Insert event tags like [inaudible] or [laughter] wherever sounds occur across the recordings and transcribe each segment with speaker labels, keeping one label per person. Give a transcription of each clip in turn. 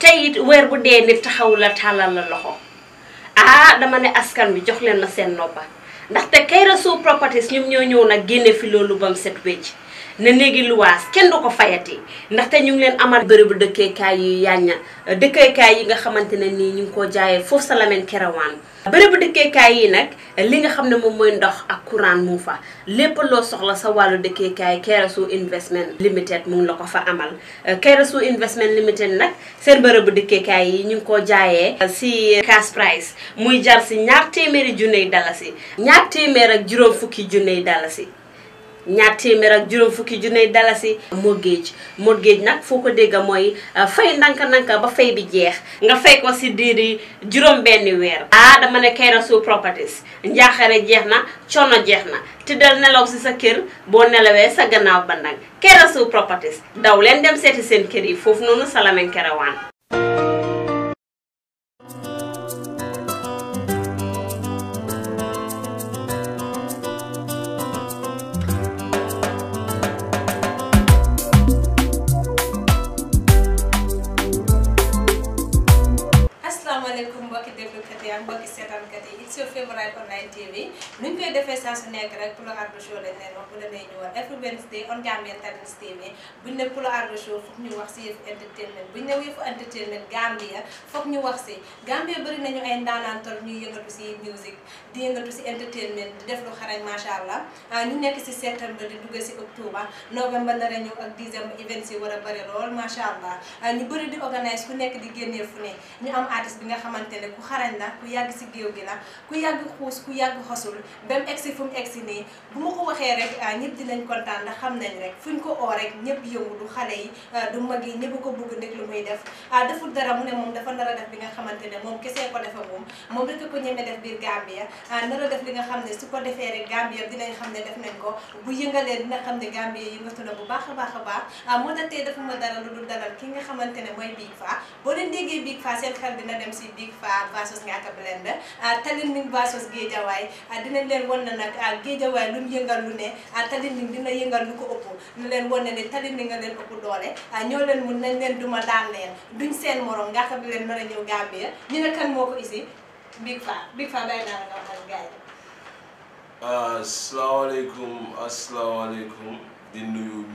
Speaker 1: tey it weer bu dee nit taxaw
Speaker 2: la tàllal la loxo ah dama ne askan bi jox leen ma seen noppa ndaxte Kairó Show Properties ñoom ñoo ñëw nag génne fi loolu bam set wecc ne néegi luwaas kenn du ko fayati ndaxte ñu ngi leen amal bërëbu dëkkeekaay yu ña dëkkeekaay yi nga xamante ne nii ñu ngi ko jaayee foofu sa Lamine Kerewan bërëbu dëkkeekaay yi nag li nga xam ne moom mooy ndox ak courant mu fa lépp loo soxla sa wàllu dëkkeekaay Keresu Investment Limited mu ngi la ko fa amal Keresu Investment Limited nag seen bërëbu dëkkeekaay yi ñu ngi ko jaayee si cash muy jar si ñaar téeméeri yi junney dalasi ñaar téeméer ak juróom fukki junney dalasi ñaar téeméer ak juróom fukki junne dalasi mortgage mortgage nag foo ko dégg mooy euh, fay nanka-nanka ba fay bi jeex nga fay ko si diiri juróom benni weer ah dama ne kay na su properties njaaxare jeex na coono jeex na tëddal nelaw si sa kër boo nelawee sa gannaaw bandang kera su properties daw leen dem seeti seen kër yi foofu noonu Salameh Kerewan
Speaker 3: عليكم باكي دير في الكتيان باكي سي sur Femoray TV nuñ koy defee saa su nekk rek Pulo Ardo Show lañ leen wax bu la nee ñu war every Wednesday on Gambian Talents TV buñ ne Pulo Ardo Show foog ñu wax si yëfu entertainment buñ ne yëfu entertainment Gambia foog si Gambia nañu ay ndaanaan tol yëngatu si music di yëngatu si entertainment di def lu xarañ macha allah ah, ñu nekk si septembre di dugg si octobre novembre nar a ñëw ak décembre events yi war a bëri lool macha allah ah, ñu bëri di organise ku nekk di génnee fu ne ñu am artiste bi nga xamante ne ku xarañ la ku yàgg si géew gi la ku yàgg xuus ku yàgg xosul ba mu egsi fu mu egsi nii bu ma ko waxee rek ah, ñëpp dinañ kontaan ndax xam nañ rek fuñ ko oo rek ñëpp yow du xale yi ah, du mag yi ñëpp ko bugg ndek lu muy def ah, deful dara mu ne moom dafa nar a def li nga xamante ne moom kesee ko defa moom moom rek ko ñeme biir Gambia nar def li nga xam ne su ko defee rek Gambia dinañ xam ne def nañ ko bu yëngalee dina xam ne Gambia yëngatu na bu baax a baax a baax moo tax tey dafa ma dara lu dul dalal ki nga xamante ne mooy Big Faa boo leen déggee Big Faa seen xel di dem si Big Faa versus Ngaka Tallinding versus Géejawaay ah, leen wan ne nag ah, Géejawaay lu mu yëngal ah, ko ëpp leen wan ne ne Tallinding nga leen ëpp doole ñoo leen mun nañ leen duma daan leen duñ seen morom nga xam ne leen nar a moo ko isi Big Faa Big Faa bàyyi naa la nga waxal gars yi.
Speaker 1: asalaamaaleykum asalaamaaleykum di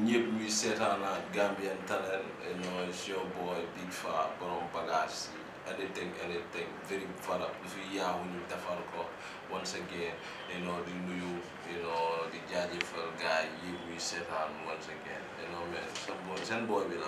Speaker 1: ñëpp ñuy seetaanaat Gambian Talents no it's your boy Big Faa borom bagage anything, anything, very far up. So yeah, we need to follow once again, you know, the new, you know, the judgeful guy, you we set on once again. You know, man, some boy, some boy will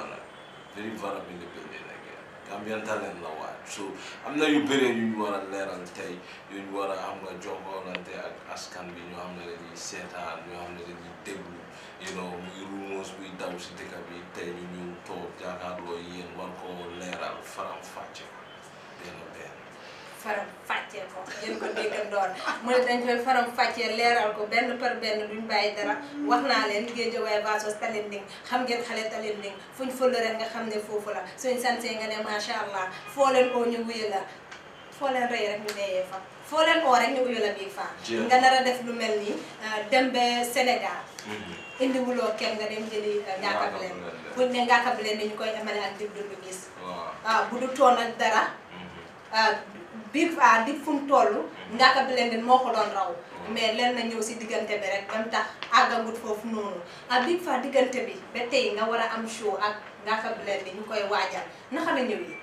Speaker 1: Very far up in the building again. Gambian talent la waat so am na yu bëree yu ñu war a leeral tey yu ñu war am nga jokkoonante ak askan bi ñu am ne dañuy seetaan ñoo xam ne dañuy déglu you know muy rumours buy daw si dëkk bi tey ñu ñu toog jàkkaarloo yéen war koo leeral faram fàcce
Speaker 3: faram fàccee ko ngeen ko déggandoor mu ne dañ koy faram fàccee leeral ko benn par benn duñ bàyyi dara wax naa leen Guédiawaye Vassos Talending xam ngeen xale Talending fuñ fële rek nga xam ne foofu la suñ sansee nga ne macha allah foo leen oo ñu wuyu la foo leen rey rek ñu deeyee fa foo leen oo rek ñu wuyu la bii faa nga nar def lu mel nii euh, dem ba Sénégal mm-hmm. indiwuloo kenn nga dem jëli euh, ngaakab leen buñ ne ngaakab leen ni ñu koy amale ak dib du gis bu du toon ak dara Euh, big fa dig fu mu toll bi leen moo ko doon raw mais leen na ñëw si diggante bi rek ba tax àggagut foofu noonu ah big fa diggante bi ba tey nga war am show ak njaaka bi leen ñu koy waajal naka la ñëw yi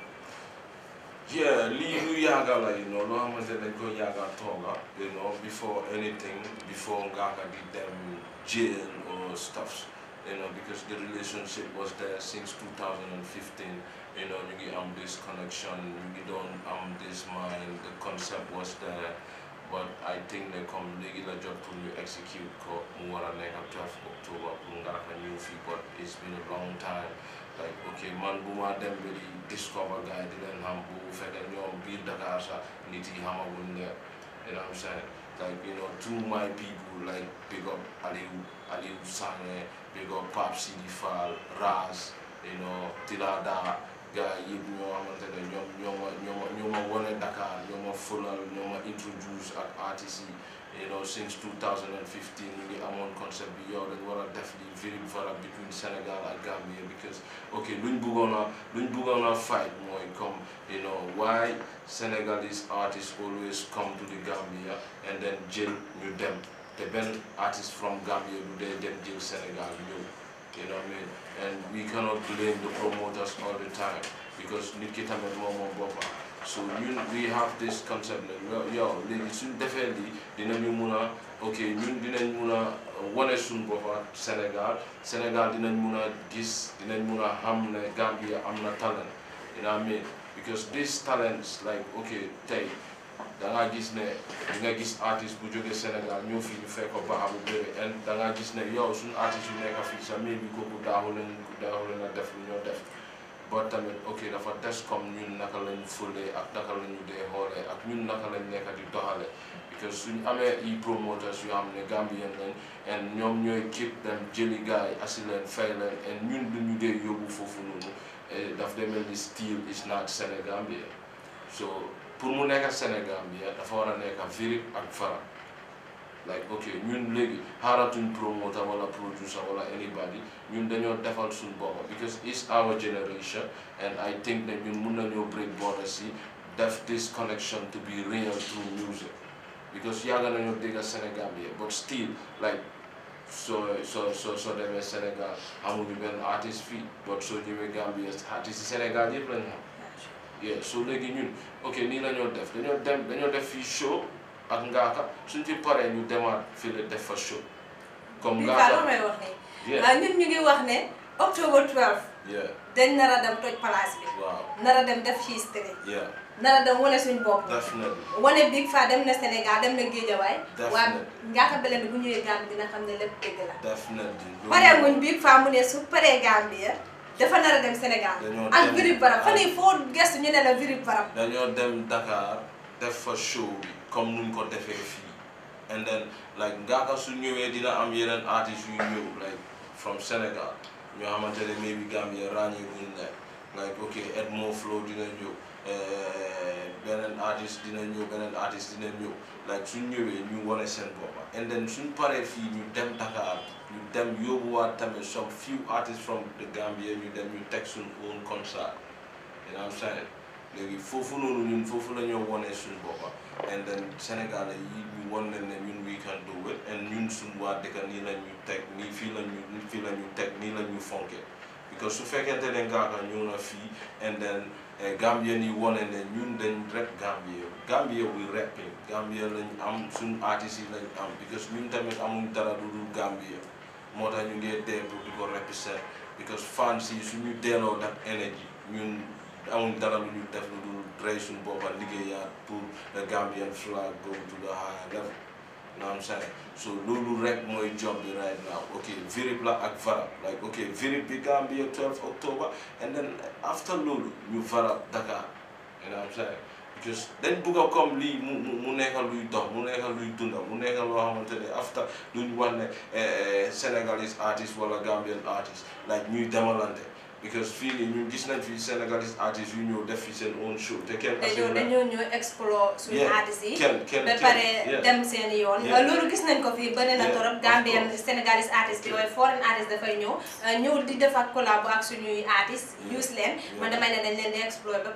Speaker 1: Yeah, Lee, you yagala, you know, no hammer said that go yaga toga, you know, before anything, before Ngaka did them jail or stuffs, you know, because the relationship was there since 2015 you know, you get um, this connection, you don't um, this mind, the concept was there, but I think the community regular job to execute more than like 12 October, but it's been a long time. Like, okay, man, Buma really discover guy, didn't humble, fed you know, build the casa. Uh, Niti Hammer, you know what I'm saying? like you know to my people like big up Aliu Aliu Sane, big up Pop City Raz, you know, Tilada, gars yi ñoo xamante ne ñoom ñoo ma ñoo ma ñoo ma wane Dakar ñoo ma fulal ñoo ma introduce ak artistes yi you since 2015 concept bi yow dañ war a def di viril between Sénégal ak Gambie because ok luñ bëggoon luñ bëggoon a fight mooy comme you know why Senegalese artists always come to the Gambia and then jël ñu dem te benn artist from Gambia du dee dem jël Sénégal ñëw you know what And we cannot blame the promoters all the time because Nikita Momo Boba. So you, we have this concept that yo, definitely you mun a ok ñun dinañ mun a wane suñu boppa Sénégal Sénégal dinañ mun a gis dinañ mun a xam ne Gambia am talent you know what I mean because these talents like ok take, da gis ne di nga gis artiste bu jógee Sénégal ñëw fii ñu fekk ko baax bu bëri en gis ne yow suñu artiste yu nekk fii sa mii bi kooku daaxu leen daaxu leen a def lu ñoo def ba tamit ok dafa des comme ñun naka lañ fëlee ak naka la ñu dee xoolee ak ñun naka lañu nekk di doxale parce suñ amee i promoters yu xam ne Gambien lañ en ñoom ñooy keep dem jëli gars yi asi leen fay ñun lu ñu dee yóbbu foofu noonu eh, daf demee ni style is not Sénégambien pour mu nekk Sénégal bi dafa war a nekk viril ak fara like ok ñun léegi xaaratuñ promoter wala producer wala anybody ñun dañoo defal suñ bopp because it's our generation and I think ne ñun mun nañoo break borders yi def this connection to be real through music because yàgg nañoo dégg Sénégal bi but still like so so so so demee Sénégal amuñu benn artiste fii but soo ñëwee Gambia artiste yi Sénégal yëpp lañ xam yeah so léegi ñun ok nii la ñoo def dañoo dem dañoo def fii show ak ngaaka suñ ci paree ñu demaat fii la def fa show. comme ngaaka loo may wax ne. Ah, ñun
Speaker 3: ñu ngi wax ne octobre 12. dañ nar a dem toj place bi. waaw nar a dem def history. nar a dem wane suñ bopp. wane Big Faa dem na Sénégal dem na Géejawaay. waa Ngaaka Blindé bu ñëwee Gambie dina xam ne lépp dëgg la.
Speaker 1: daf na di pare muñ
Speaker 3: Big Faa mu ne su paree Gambie dafa nar a dem Sénégal. ak virib barab fan yii foo gestu ñu ne la virib barab.
Speaker 1: dañoo dem Dakar def fa show comme nuñ ko defee fii and then like Ngaaka su ñëwee dina am yeneen artistes yu ñëw like from Sénégal ñoo xamante ne maybe Gambia ràññee buñ nekk like ok Edmo Flow eh, dina ñëw beneen artiste dina ñëw beneen dina ñëw like suñ ñëwee ñu wane seen boppam and then suñ paree fii ñu dem Dakar. ñu dem yóbbuwaat tamit some few artists from the Gambia ñu dem ñu teg suñ own concert you know what I'm saying foofu noonu ñun foofu la ñoo wonee suñ boppa and then Sénégalais yi ñu won leen ne ñun we can and ñun suñ waa dëkka nii la teg nii fii la fii la ñu teg nii la ñu fonkee because su fekkente ne ngaaka ñëw na fii and then eh, Gambien yi won ne ñun dañ rek Gambien Gambien we rapping Gambien lañ am suñ artistes yi lañ am because ñun tamit amuñ dara lu dul Gambien moo tax ñu ngee dee pour di ko repister because fans yi suñu delloo nag énergie ñun amul dara lu ñu def lu dul rey suñu boppa liggéeyaat pour le Gambian flag go to the higher level naam sane so loolu rek mooy job bi right now ok virib la ak varab like ok virib bi Gambia 12 octobre and then after loolu ñu varab Dakar naam sane juste dañ bugg a comme lii mu mu mu nekkal luy dox mu nekkal luy dunda mu nekkal loo xamante ne afta duñ wax ne eh, eh, sénégalais artiste wala gambien artiste like ñuy demalante because fii nii ñun gis nañ fi sénégalais artistes yu fi seen own show te kenn. assuré dañoo
Speaker 3: ñëw explore suñu artistes yi. kenn kenn ba pare dem seen yoon. loolu gis nañ ko fii bëri na torop Gambien sénégalais artistes yooyu foreign artistes dafay ñëw eh, ñëw di def ak collabo ak suñuy artistes use leen man damay ne leen di explore ba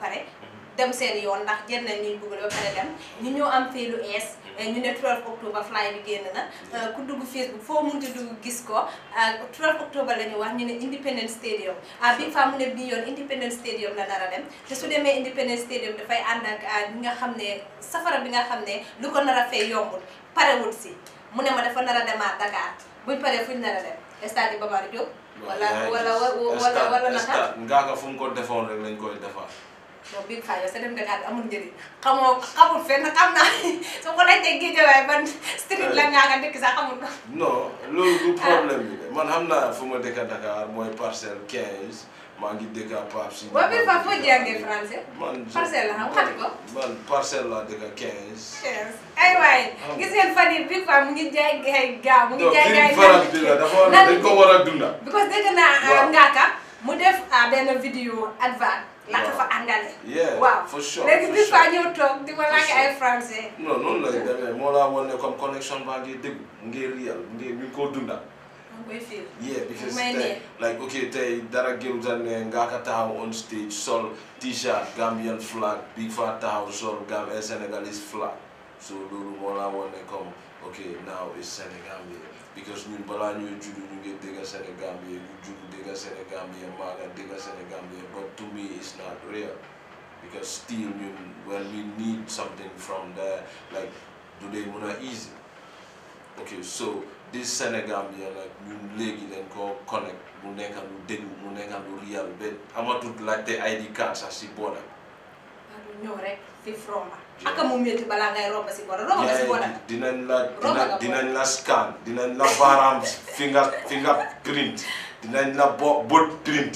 Speaker 3: dem seen yoon ndax jël nañ ñuy dugal ba pare dem ñu ñoo am fii lu ees mm. eh, ñu ne 12 octobre fly bi génn na mm. eh, ku dugg Facebook foo munti dugg gis ko 12 eh, octobre la ñu wax ñu ne Independence Stadium ah bi fa mu ne bii yoon Independence Stadium la nar a dem te su demee Independence Stadium dafay ànd ak bi nga xam ne safara bi nga xam ne lu ko nar a fee yombul parewul si mu ne ma dafa nara a demaat Dakar buñ paree fuñ nar a dem stade bi Babacar Diop. wala wala wala wala naka.
Speaker 1: stade fu mu ko defoon rek lañ koy defaat.
Speaker 3: donc biir faay la sa dem Dakar amul njëriñ xamoo xamul fenn xam naa su [laughs] ko laajtee Guédiawaye ban street la ngaa nga dëkk sax xamul.
Speaker 1: non loolu du ah. problème bi de man xam naa fu ma dëkk Dakar mooy parcelle 15 maa ngi dëkk à Pape si. boo biir
Speaker 3: fa foo jàngee français.
Speaker 1: man parcelle la xam xati ko. man parcelle laa dëkk 15.
Speaker 3: 15 ay waay ah. gis ngeen fan yii biir mu ngi jaay ay gaa mu ngi jaay gaa yi. faral bi a dunda. because dégg mu def ah, benn vidéo advert. naka for sure léegi bis fa ñëw di ma laaj ay français. non
Speaker 1: noonu lay demee moo laa wane comme connexion baa ngi déglu ngir yàlla ngir ñu ko dundal.
Speaker 3: koy yeah because tey
Speaker 1: like ok tey dara gëru tan ne nga ka taxaw on stage sol t-shirt Gambian flag Big Faa taxaw sol Gambien eh, flag so loolu moo laa wane comme ok now is Sénégambie because ñun balaa ñuy judd ñu ngi dégg Sénégambie ñu judd dégg Sénégambie maaga dégg Sénégambie but to me it's not real because still ñun need something from there like du dee mun easy ok so this Sénégambie nag ñun léegi dañ koo connect mu nekka lu déglu mu nekka lu real ba amatut laajte ID card sax si boodam.
Speaker 3: ñëw rek si from ak mu métti balaa ngay romb la
Speaker 1: dinañ dina la scan dinañ la baaraam finger finger print dinañ la bo bot dina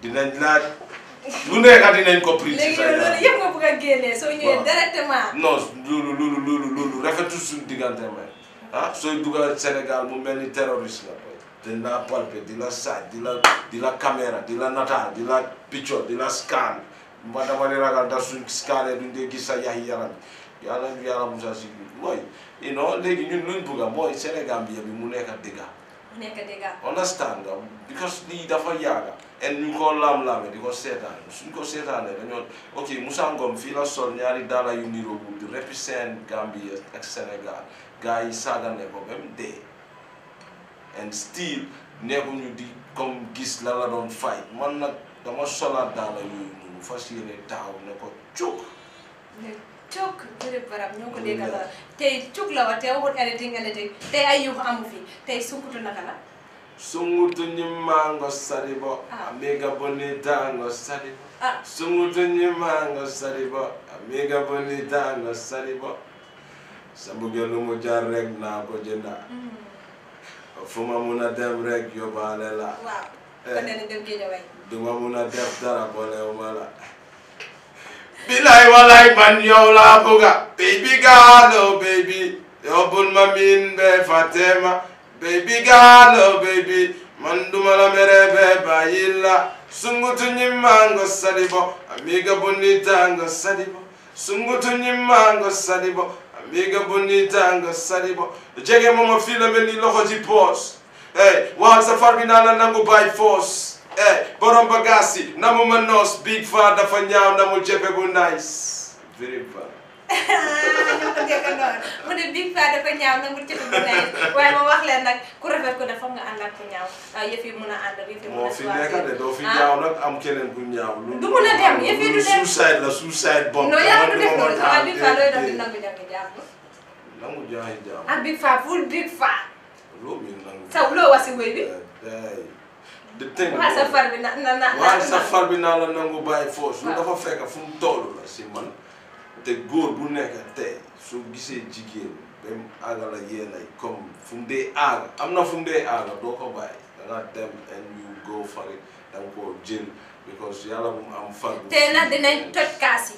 Speaker 1: dinañ la lu nekk dinañ ko print. léegi loolu
Speaker 3: yëpp a génnee soo ñëwee lu non
Speaker 1: loolu loolu loolu loolu rafetul suñu diggante may ah sooy dugal Sénégal mu mel ni terroriste la. dañ la palpé di la saaj di dina di la di la nataal di la picture di la ma dama di ragal da suñ scanner duñ dee gis sa yax yi yaram bi yàlla ñu yàlla you know léegi ñun luñ bëgga mooy Sénégal bi mu nekk dëgga
Speaker 3: mu nekk dëgga understand
Speaker 1: nga because lii dafa yàgga en ñu ko laam-laame di ko seetaan suñ ko seetaanee dañoo ok Moussa Ngom fii la sol ñaari dala yu niroo bu di represent Gambia ak Sénégal gars yi saagane ko même dee and still nekkuñu di comme gis la la doon fay man na dama solaat daala yooyu mu fas yéene taxaw ne ko cuk.
Speaker 3: ne cuk jërëjëf barab ñoo ko dégg la tey cuk la wax tey waxut anything anything tey ay yuux amu fi tey sunkutu naka
Speaker 1: sungutu ñimmaango saribo ah. amiga bonitango saribo ah. sungutu ñimmaango saribo amiga bonitango saribo sabuge lu jar rek naa ko jënda mm. fu ma mun a dem rek yóbbaale la duma mun a def dara boolewuma la
Speaker 3: bilaay walaay man
Speaker 1: yow laa bëgga baby girl oh baby yow bul ma miin be fatema baby girl oh baby man duma la mere be bayilla sungutu nyimmango sadibo amiga bonitango sadibo sungutu nyimmango sadibo amiga bonitango sadibo jege momo fila mel ni loxo ci poos hey waxal far bi naa la nangu bay force eh borom bagasi namuma nose big fat dafa ñaaw namu jeppe bu nice very bad
Speaker 3: [laughs] kan mu ne big fan dafa ñaaw namul jeppe bu nice waaye ma wax leen nak ku rafet ko dafa nga ànd ku ñaaw ah, yëf yi fi nekk de fi ah. ñaaw
Speaker 1: am keneen ñaaw lu du dem yi du dem suicide la suicide bomb du def jàng jàng ak
Speaker 3: big eh, eh. ah, full big sa wasi
Speaker 1: de tey waaye sa far
Speaker 3: bi na na waaye sa far
Speaker 1: bi naa la nangu bàyyi force su dafa fekk fu mu toll la si man te góor bu nekk tey su gisee jigéen dem aaga la yéenay comme fu mu dee am na fu mu dee aaga doo ko bàyyi dangaa dem and you go for it danga koo because yàlla bu mu am far bu tey nag
Speaker 3: dinañ toj kaas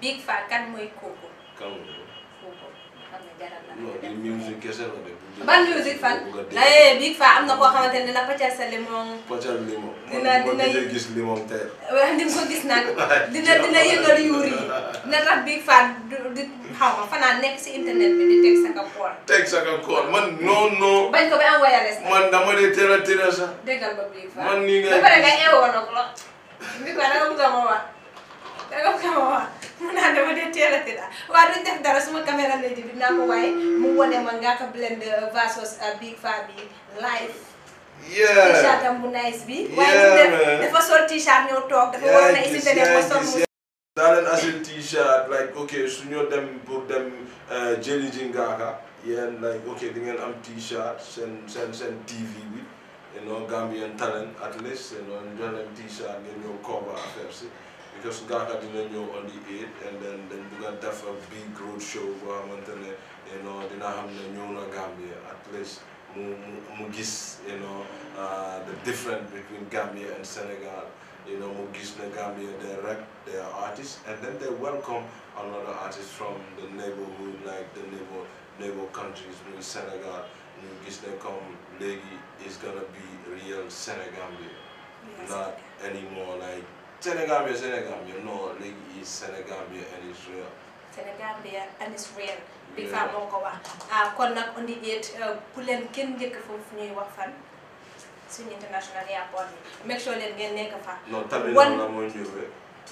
Speaker 3: Big Faa kan mooy kooku kan mooy kooku kooku
Speaker 1: xam di musique kese la de ban musique fan. ay
Speaker 3: eh, biig fa am na koo xamante ne la pàccal sa limon.
Speaker 1: pàccal limon. dina dina dina gis limon teel.
Speaker 3: waaw ni mu ko gis nag [laughs] dina dina yëngal yuur yi dina tax biig fa du du xaw ma fanaan internet bi di teg sa ka koor.
Speaker 1: teg sa ka koor man non non.
Speaker 3: ko ba am wireless.
Speaker 1: man dama de teel a teel a sax.
Speaker 3: déggal fa man
Speaker 1: nii ngay. ba pare nga
Speaker 3: eewoo nag lool. biig fa naka mu doon ma danga ko wax mu naan dama dee teel a tëdd waaw duñ def dara suma caméra lady bi naa ko waaye big fat live
Speaker 1: yeah t-shirt
Speaker 3: am bu nice bi waaye dafa sol t-shirt ñëw toog dafa waroon a indi beneen ma sol mu
Speaker 1: daa t-shirt like ok su ñoo dem pour dem jëli ji like ok di am t-shirt seen seen seen TV you know Gambian talent at least you know join them t-shirt ngeen ñëw cover affaire because didn't know on the eight and then then we got def a big road show boo xamante ne you know not have the ñëw na Gambia at least Mugis, you know uh, the difference between Gambia and Senegal you know Mugis gis Gambia they rep their artists and then they welcome another artist from the neighborhood like the neighbor neighbor countries muy Senegal Mugis, gis ne comme is gonna be real Senegambia not anymore like Senegambia, Senegambia, no, léegi is Senegambia and real.
Speaker 3: Senegambia and it's real. bi fa moo ko wax ah, kon nag on pour euh, leen kenn njëkk foofu ñuy wax fan suñu international airport bi make sure leen ngeen nekk fa.
Speaker 1: non tamit noonu la mooy ñëwee.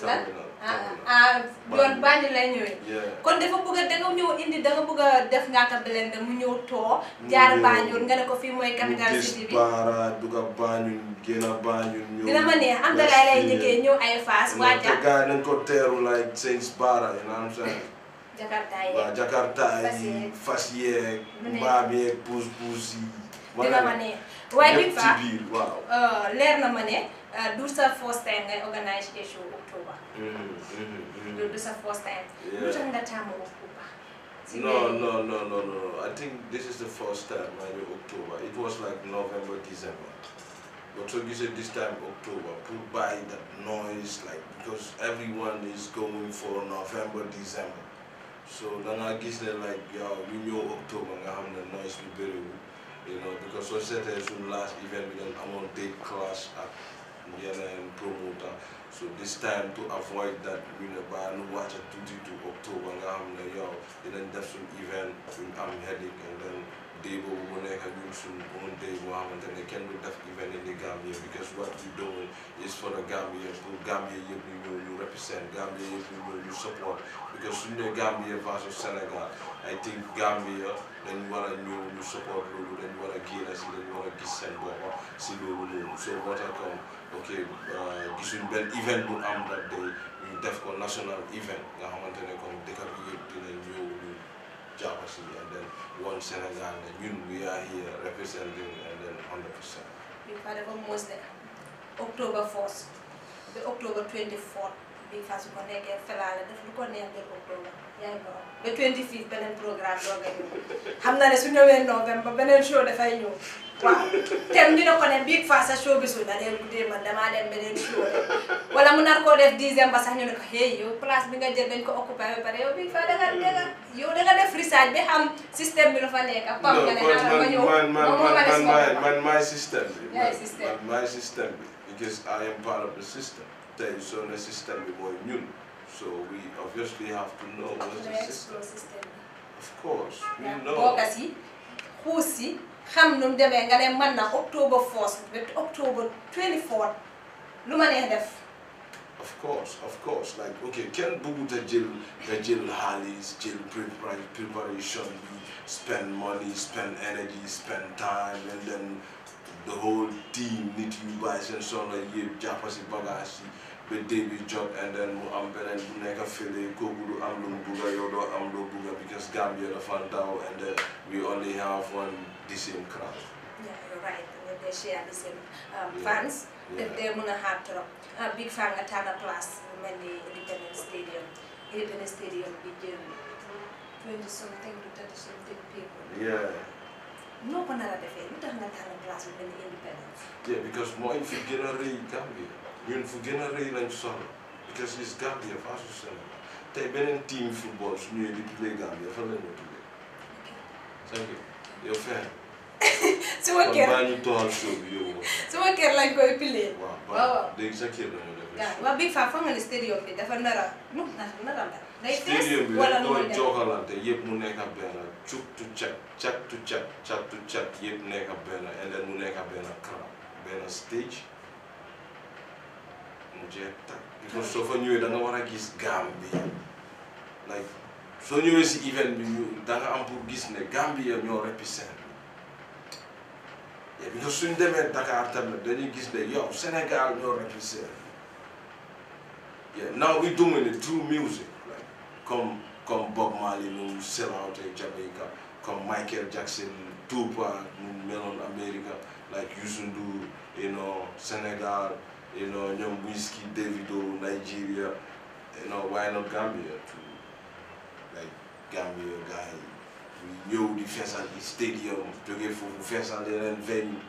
Speaker 1: lan ah,
Speaker 3: ah yoon Banjul lay ñëwee kon dafa bëgg a da nga ñëw indi da nga bëgg a def Ngaka Blindé mu ñëw too jaar Banjul nga ne ko fii mooy capital city bi
Speaker 1: baara duga Banjul génn a Banjul ñëw dina ma neex am dalaay lay njëkkee
Speaker 3: ñëw ay Fass waaja
Speaker 1: gars nañ ko teeru like Saints Bara Jakarta yeeg fas yeeg mbaam yeeg puus puus yi. dina ma ne waaye bi fa
Speaker 3: euh, leer na ma ne euh, du sa first time ngay organise show mkubwa
Speaker 1: mm-hmm, mm-hmm, mm-hmm. first time no, no, no, no, no. I think this is the first time, maybe October. It was like November, December. But so you said this time October, put by that noise, like because everyone is going for November, December. So then I guess they like, yeah, we know October, I have the noise we better, you know, because so said there's last event, I'm on date class at the promoter. Uh, so this time to avoid that ñu ne ba nu wàcca tuuti to octobre nga xam ne yow dinañ def suñ event suñ am headache and then day boobu mu nekk ñun suñ own day boo xamante ne kenn du def event in the Gambia because what you doing is for the Gambia pour Gambia yëpp ñu ñëw ñu represent Gambia yëpp ñu ñëw ñu support because suñ ne Gambia versus Sénégal I think Gambia dañ war a ñëw ñu support loolu dañ war a génn si dañ war a gis seen si loolu loolu ok euh, gisuñ benn event bu am that day def ko national event nga xamante ne kon dëkk bi yëpp dinañ ñëw ñu jàpp si and then woon Sénégal ne ñun we here representing and then 100 percent.
Speaker 3: bii faa dafa mos de octobre 4 ko nekkee felaale def lu ko neex ba octobre yaa ngi borom ba beneen programme doo nga ñëw xam na ne su ñëwee novembre beneen show dafay ñëw. waaw tem ñu ne ko ne big fasa showbiz la dee guddee man damaa dem beneen show wala mu nar koo def dixième ba sax ñu ne ko hey yow place bi nga jël dañ ko occupé ba pare yow big fa da nga da nga yow da nga def research bi xam système bi ah, man, man, man, man, man, man, man, ma ñëw man
Speaker 1: man man man maay système bi maay système bi maay système bi because I am part of the system tey soo ne système bi mooy ñun so we obviously have to know what's the
Speaker 3: system
Speaker 1: of course we know bokka si
Speaker 3: xuus si xam nu demee nga ne man na october first ba october twenty fourth lu ma nee def.
Speaker 1: of course of course like okay kenn bëggut a jël nga jël xaalis jël préparation bi spend money spend energy spend time and then the whole team nit yu bàyyi seen soxla yëpp jàpp si bagage yi with David job and then we am beneen bu nekk fële kooku du am lu mu bugg a yow doo because Gambia dafa and then we only have one the same crowd.
Speaker 3: yeah you're right they share the same um, fans. they dee mën a xaar a big fan at Tana class. Many independent Stadium Independent Stadium begin. jël twenty something to thirty something people. yeah. No one nar the defee lu tax nga tànn place bu Independence.
Speaker 1: yeah because if you get a rëy Gambia. ñun fu gën a rëy lañ soxla because it's Gambia versus Sénégal tey beneen team football su di play Gambia fan la ñuy play. thank you yow fexe. [laughs] suma kër kon maa ñu toxal show bi yow
Speaker 3: sa kër la ñu def. waaw waaw Big Faa bi dafa la. day fees wala lu muy def
Speaker 1: stadium bi yëpp mu nekk ak benn cuk tu cak cak tu cak cak tu cak yëpp nekk mu nekk ak benn crowd benn stage. mu jeex because soo fa ñëwee da nga war a gis Gambia like soo ñëwee si bi ñu da nga am pour gis ne Gambia ñoo represent et because suñ demee Dakar tamit gis ne yow Sénégal ñoo represent yeah now we dominate through music like comme Bob Marley nu mu selloutee Jamaica comme Michael Jackson Tupac nu meloon America like Youssou Ndour you know Sénégal you know, Young Whiskey, Davido, Nigeria, you know, why not Gambia to like Gambia guy the first and the stadium get for jógee foofu feesal yeneen venue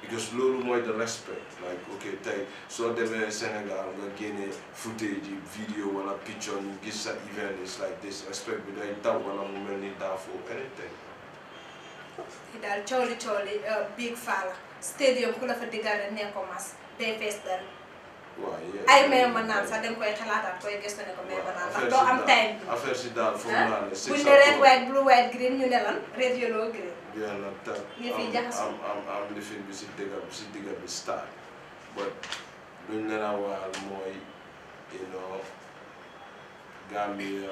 Speaker 1: because loolu more the respect like okay, ok tey soo demee Sénégal nga génne footage video, vidéo wala picture and gis sa event is like this respect bi day daw wala mu mel ni daa foofu anything
Speaker 3: daal cooli cooli uh, big fella. stadium ku la fa diggal ne ko mas day fees dal ay may ma naan sax danga koy xalaataat koy gëstu ne ko may ma naan ndax doo am time bi
Speaker 1: si daal foofu laa ah, ne buñ ne red white
Speaker 3: blue white green ñu ne lan red yellow green
Speaker 1: yàlla ta am am am lifin bi si digga bi si but luñ ne naa mooy you know Gambia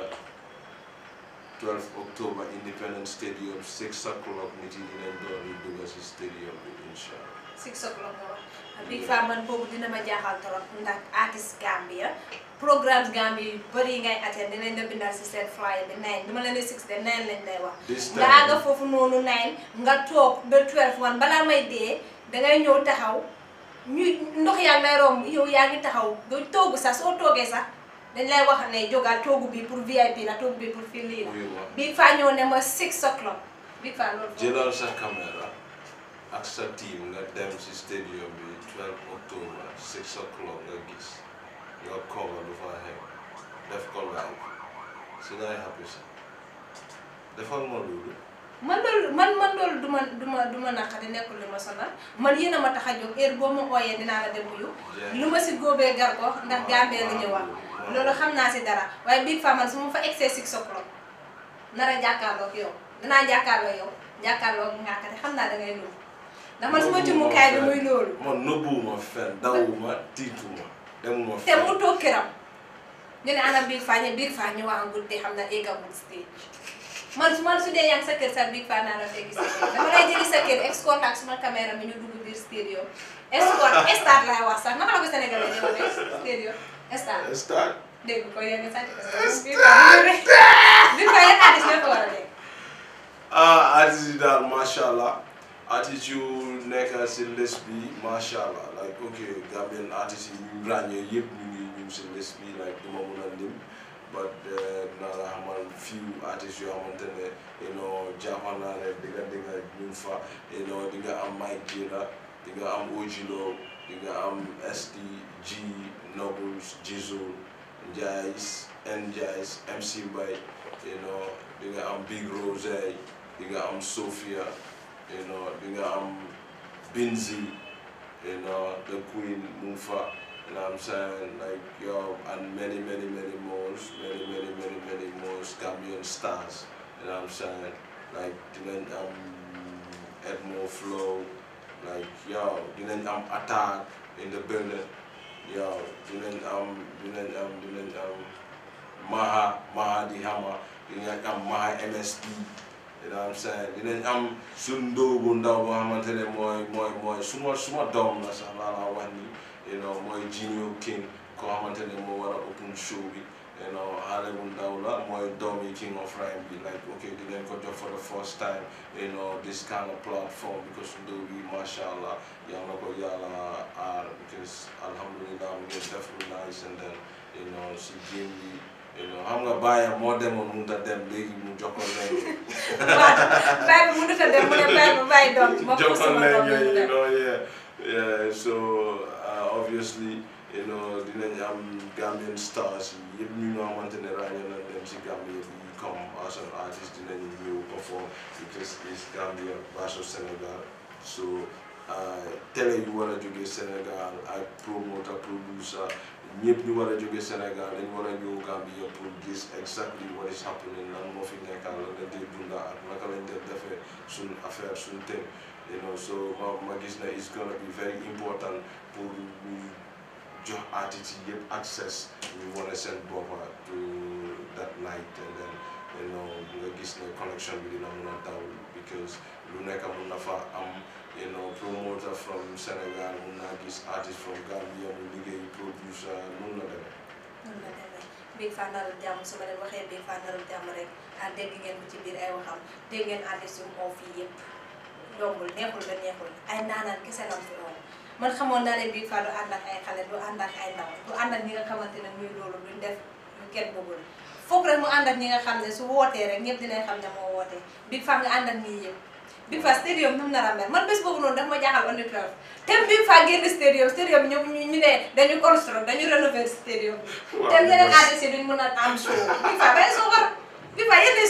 Speaker 1: 12 octobre Independence Stadium 6 o'clock meeting dinañ door di dugg si stadium bi incha
Speaker 3: allah. o'clock waaw. Big Faa man boobu dina ma jaaxal trop ndax artiste Gambia programme Gambia yu bëri yi ngay attend dinañ la bindal si seen flyer bi 9 dama la ne 6 de 9 lañ lay wax. nga àgga foofu noonu 9 nga toog ba 12 wan balaa may dee dangay ñëw taxaw ñu ndox yaa ngi lay yow yaa ngi taxaw doo toogu sax soo toogee sax. dañ lay wax né jogal togu bi pour VIP la togu bi pour fili lii la bi fa ñëw né ma 6 o'clock bi fa loolu jëlal
Speaker 1: sa caméra ak sa team nga dem si stadium bi 12 octobre 6 o'clock nga gis nga cover lu fa hay def ko lay si ngay happy sa defal mo lu
Speaker 3: man loolu man man loolu duma duma duma naqari nekul li ma sona man yéen ma taxajok heure boo ma ooyee la dem wuyu luma ci si gar ko ndax gàmbee la ñëwaat lolu xamna ci dara waaye Big famal, man fa egsee six sokro nara jakarlo ak yow dana jakarlo yow jakarlo ak te xam naa da ngay loolu ndax man su ma jëmukaay bi muy
Speaker 1: loolu. man nëbbuwuma fenn dawuma tiituwuma demuma fenn. te mu
Speaker 3: tokiram ñu ne ana Big Faa Big Faa ñu wax gudde xamna ega bu stage man su su de yaa sa keur sa Big Faa na la fekk sa dama lay jëli sa keur escort ak suma caméra mi ñu dugg bir stéréo escort wax sax la ko stade stade. dégg a sànni ko. stade bi ko yéen artistes yi ko war a dégg.
Speaker 1: ah artistes daal macha allah artistes yu si les bi like ok Gambian artistes yi ñu ràññee yëpp like du ma mun lim. but dinaa uh, la xamal few artistes yoo xamante ne you know jàppal naa ne di nga di nga ñu am Mike Jada di am Ojilo di am STG. Nobles, Jizzle, Jais, Jai's, MC Bite, you know, you got um, Big Rose, you got um, Sophia, you know, you got um, Binzi, you know, the Queen, Mufa, you know what I'm saying? Like, yo, and many, many, many more, many, many, many, many more Gambian stars, you know what I'm saying? Like, Dylan, um, Edmo Flow, like, yo, i um, Attack in the building. yow dinañ am dinañ am dinañ am maha maha di xama dinañ am MSD dina am seen dinañ am suñ ndóo mooy mooy mooy suma suma doom la sax laa wax ni you know mooy Junior King koo xamante ne moo war a open show bi you know Halimun Dawla mooy doomi King of Rhyme be like ok did leen got you for the first time you know this kind of platform because do we, mashallah, allah yal ko yàlla are because Alhamdulillah, we ngi def nice and then you know si jéem bi xam nga bàyyi moo demoon mënut a dem léegi mu jokkoo leen. waaw bàyyi bi mënut a dem mu ne bàyyi bu bàyyi doom.
Speaker 3: jokkoo leen yooyu you
Speaker 1: [laughs] know yeah yeah so uh, obviously. you know dinañ am ni stars yi yëpp ñu nga xamante ne ràññee nañ dem si Gambia bi comme as an artist dinañ ñëw perform it is is Gambia versus Sénégal so ah, télé yu war a jógee Sénégal ak promoter producer ñëpp ñu war a jógee Sénégal dañ war a ñëw Gambia pour gis exactly what is happening nan moo fi nekkal la nga dee dunda ak naka lañ def defee suñ affaire suñ thème you know so ma gis na it's gonna jox artistes access. We want to send seen to that night and then you know we get ne connection with dina mun a daw because lu nekk mun na fa am um, you know promoter from Sénégal mun naa gis artiste from Gambia mu liggéey producer mun Big
Speaker 3: demee biig fànnalu jàmm su ma leen waxee biig fànnalu jàmm rek a dégg ngeen ko ci biir ay waxam dégg ngeen artiste yu moo fii yëpp yombul neexul ba neexul ay naanaan kese lam fi man xamoon naa ne bii fa du ànd ak ay xale du ànd ak ay ndaw du ànd ak ñi nga xamante ne muy loolu duñ def lu kenn bëggul foog rek mu ànd ak ñi nga xam ne su wootee rek ñëpp dinañ xam ne moo wootee Big Faa nga ànd ak nii yëpp Big Faa stadium nu mu nar a man bés boobu noonu daf ma jaaxal on est thème Big Faa génn stadium stadium ñu ñu ne dañu construire dañu rénover stadium bi. waaw te yeneen artistes yi duñ mën a am show Big Faa bay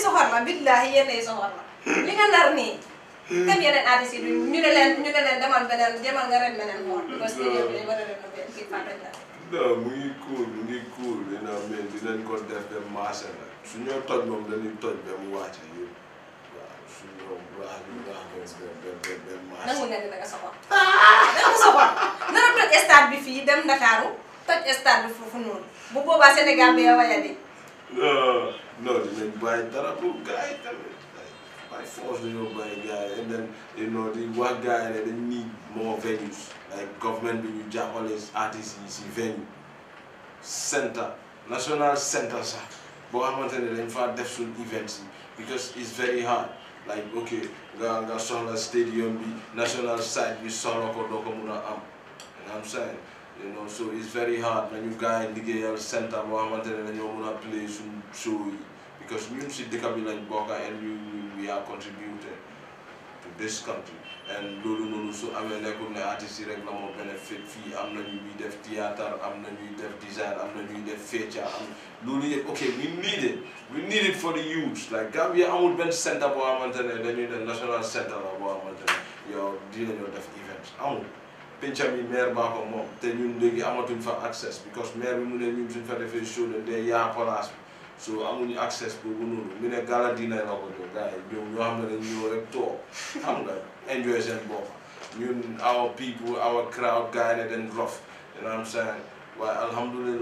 Speaker 3: soxor la billaahi yéenay [laughs] dem yeneen artistes yi ñu ne leen ñu ne leen demal beneen demal nga ren beneen xool. parce que studio bi dañ war a rénover kii Fatick la.
Speaker 1: non mu ngi cool mu ngi cool dina mel dinañ ko def dem marché la su ñoo toj moom dañuy toj ba mu wàcc yëpp waaw su ñoo baax ñu baax dem dem dem dem marché. nangu
Speaker 3: nekk da nga soxor. da nga soxor nar a toj stade bi fii dem Ndakaaru toj stade bi foofu noonu bu boobaa Sénégal bi yow a yàgg.
Speaker 1: non non dinañ bàyyi dara pour gars yi tamit. by force the old money guy, and then you know the work guy, and then need more venues like government venue, Japanese artists, RTCC venue, center, national center, sir. But I want to infer different events because it's very hard. Like okay, Ganga Sola Stadium, be national side, we saw Dokomuna am. And I'm saying, you know, so it's very hard when you guy in the GL center, but I want to play some show because music they can be like Boka and you we are contributed to this country and loolu noonu su amee nekkul ne artistes yi rek la moo benefit fii am na ñuy def théâtre am na ñuy def design am na ñuy def fecca am loolu yëpp ok we need it we need it for the youth like Gambia amul benn centre boo xamante ne dañuy ne national centre la boo xamante ne yow dinañoo def event amul pincam yi maire baa ko moom te ñun léegi amatuñ fa access because maire bi mu ne ñun suñ fa defee show dañ dee yaa so amuñu access boobu noonu ñu ne gala dina la ko jox gars yi ñoom ñoo xam ne dañ ñëw rek toog xam nga enjoy seen bopp ñun our people our crowd gars yi ne dañ rough you know what I'm saying waaye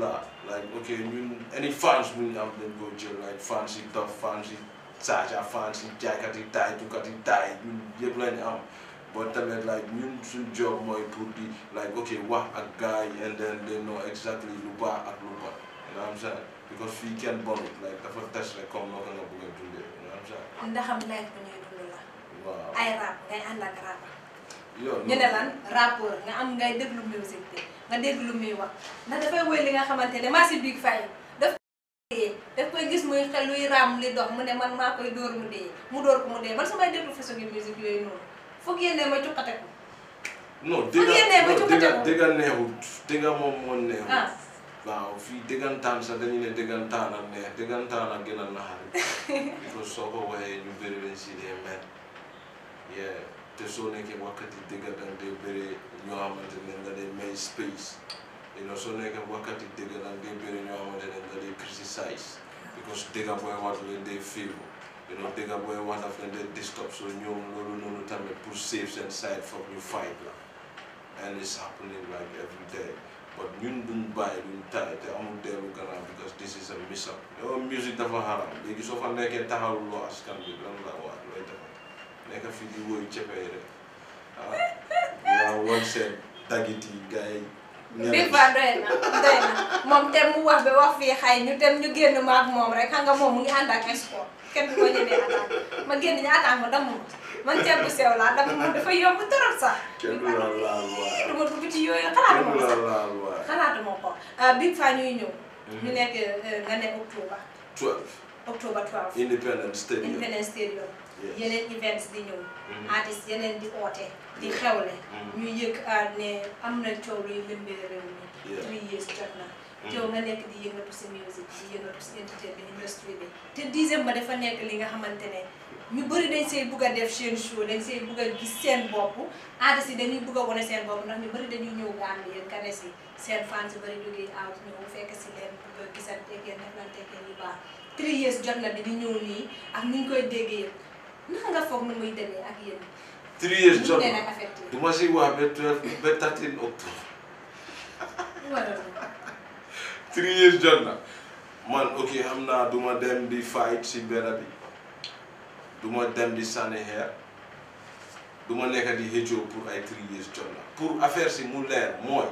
Speaker 1: like ok ñun any fans bu ñu am dañ koo jël like fans yi taf fans yi saaca fans yi jaaykat yi taay tukkat yi taay ñun yëpp lañ am but tamit like ñun suñ job mooy pour di like ok wax ak gars yi and then they know exactly lu baax ak lu bon you because fii kenn bonut like dafa tës rek comme noo ko nga bëgg a dundee maanaam sax.
Speaker 3: ndaxam life bu ñuy dund la. ay rap ngay ànd ak rap. ñu ne lan rappeur nga am ngay déglu musique bi nga déglu lu muy wax ndax dafay woy li nga xamante ne maa si big fay daf koy daf koy gis muy xel luy raam li dox mu ne man maa koy dóor mu dee ko mu dee man su may déglu façon musique yooyu noonu foog yéene ma cuqate ko.
Speaker 1: non dégg nga dégg nga neexut dégg nga moom moo waaw fii dëggantaan sax dañu ne dëggantaan a neex dëggantaan a gën a naxari because [laughs] soo ko waxee ñu bëri lañ si dee mer yeah te soo nekkee wakkati dëgga danga dee bëri ñoo xamante ne nga dee make space you know soo nekkee wakkati dëgga danga dee bëri ñoo xamante ne nga they criticize because dëgga booy wax daf leen dee you know dëgga booy wax daf leen dee disturb so no, no, no, time pour put seen inside for you fight Like. and it's happening like every day but ñun duñ bàyyi duñ tare te amul dellu gannaaw because this is a misa yow music dafa xaram léegi soo fa nekkee taxawuloo askan bi lan la waat looy defar nekk fi di woy cepee rek ah yaa woon seen dagit yi gars yi bi ba
Speaker 3: doy na doy na moom tem mu wax ba wax fii xay ñu tem ñu génn ma ak moom rek xam nga moom mu ngi ànd ak escort kenn du ko ñemee attaque ma génn ñu attaque ma damm ma man ceeb bu sew laa dama moom dafa yomb torop sax.
Speaker 1: kenn du laal laal waay
Speaker 3: dama dugg ci yooyu xalaatuma ko
Speaker 1: sax
Speaker 3: xalaatuma ko big fa ñuy ñëw. ñu hmm. nekk eh, nga nekk octobre. 12. octobre 12.
Speaker 1: Independence Stadium Independence Stadium. yeneen
Speaker 3: events hmm. di ñëw. artistes yeneen di oote. di xewle. ñu hmm. yëg ne ah, am na coow luy lëmbee réew mi. three years jot na. yow nga nekk di yëngatu si musique di yëngatu si entertainment industry bi. te dixième ba dafa nekk li nga xamante ne. ñu bëri dañ see bugg a def seen show dañ see bugg a gis seen bopp artistes si dañuy bugg a wane seen bopp ndax ñu bëri dañuy ñëw Gambie yéen kane si seen fans bëri jógee out ñëw fekk si leen a gisante ngeen defante ngeen yu baax three bi di ñëw nii ak ni ñu koy déggee naka nga foog nu muy demee ak yéen
Speaker 1: three years jot na du ma si wax ba twelve ba thirteen octobre three years jot na man ok xam naa duma dem di fight si benn bi du ma dem di sànni xeer du ma nekk di xëccoo pour ay trier jot na pour affaire si mu leer mooy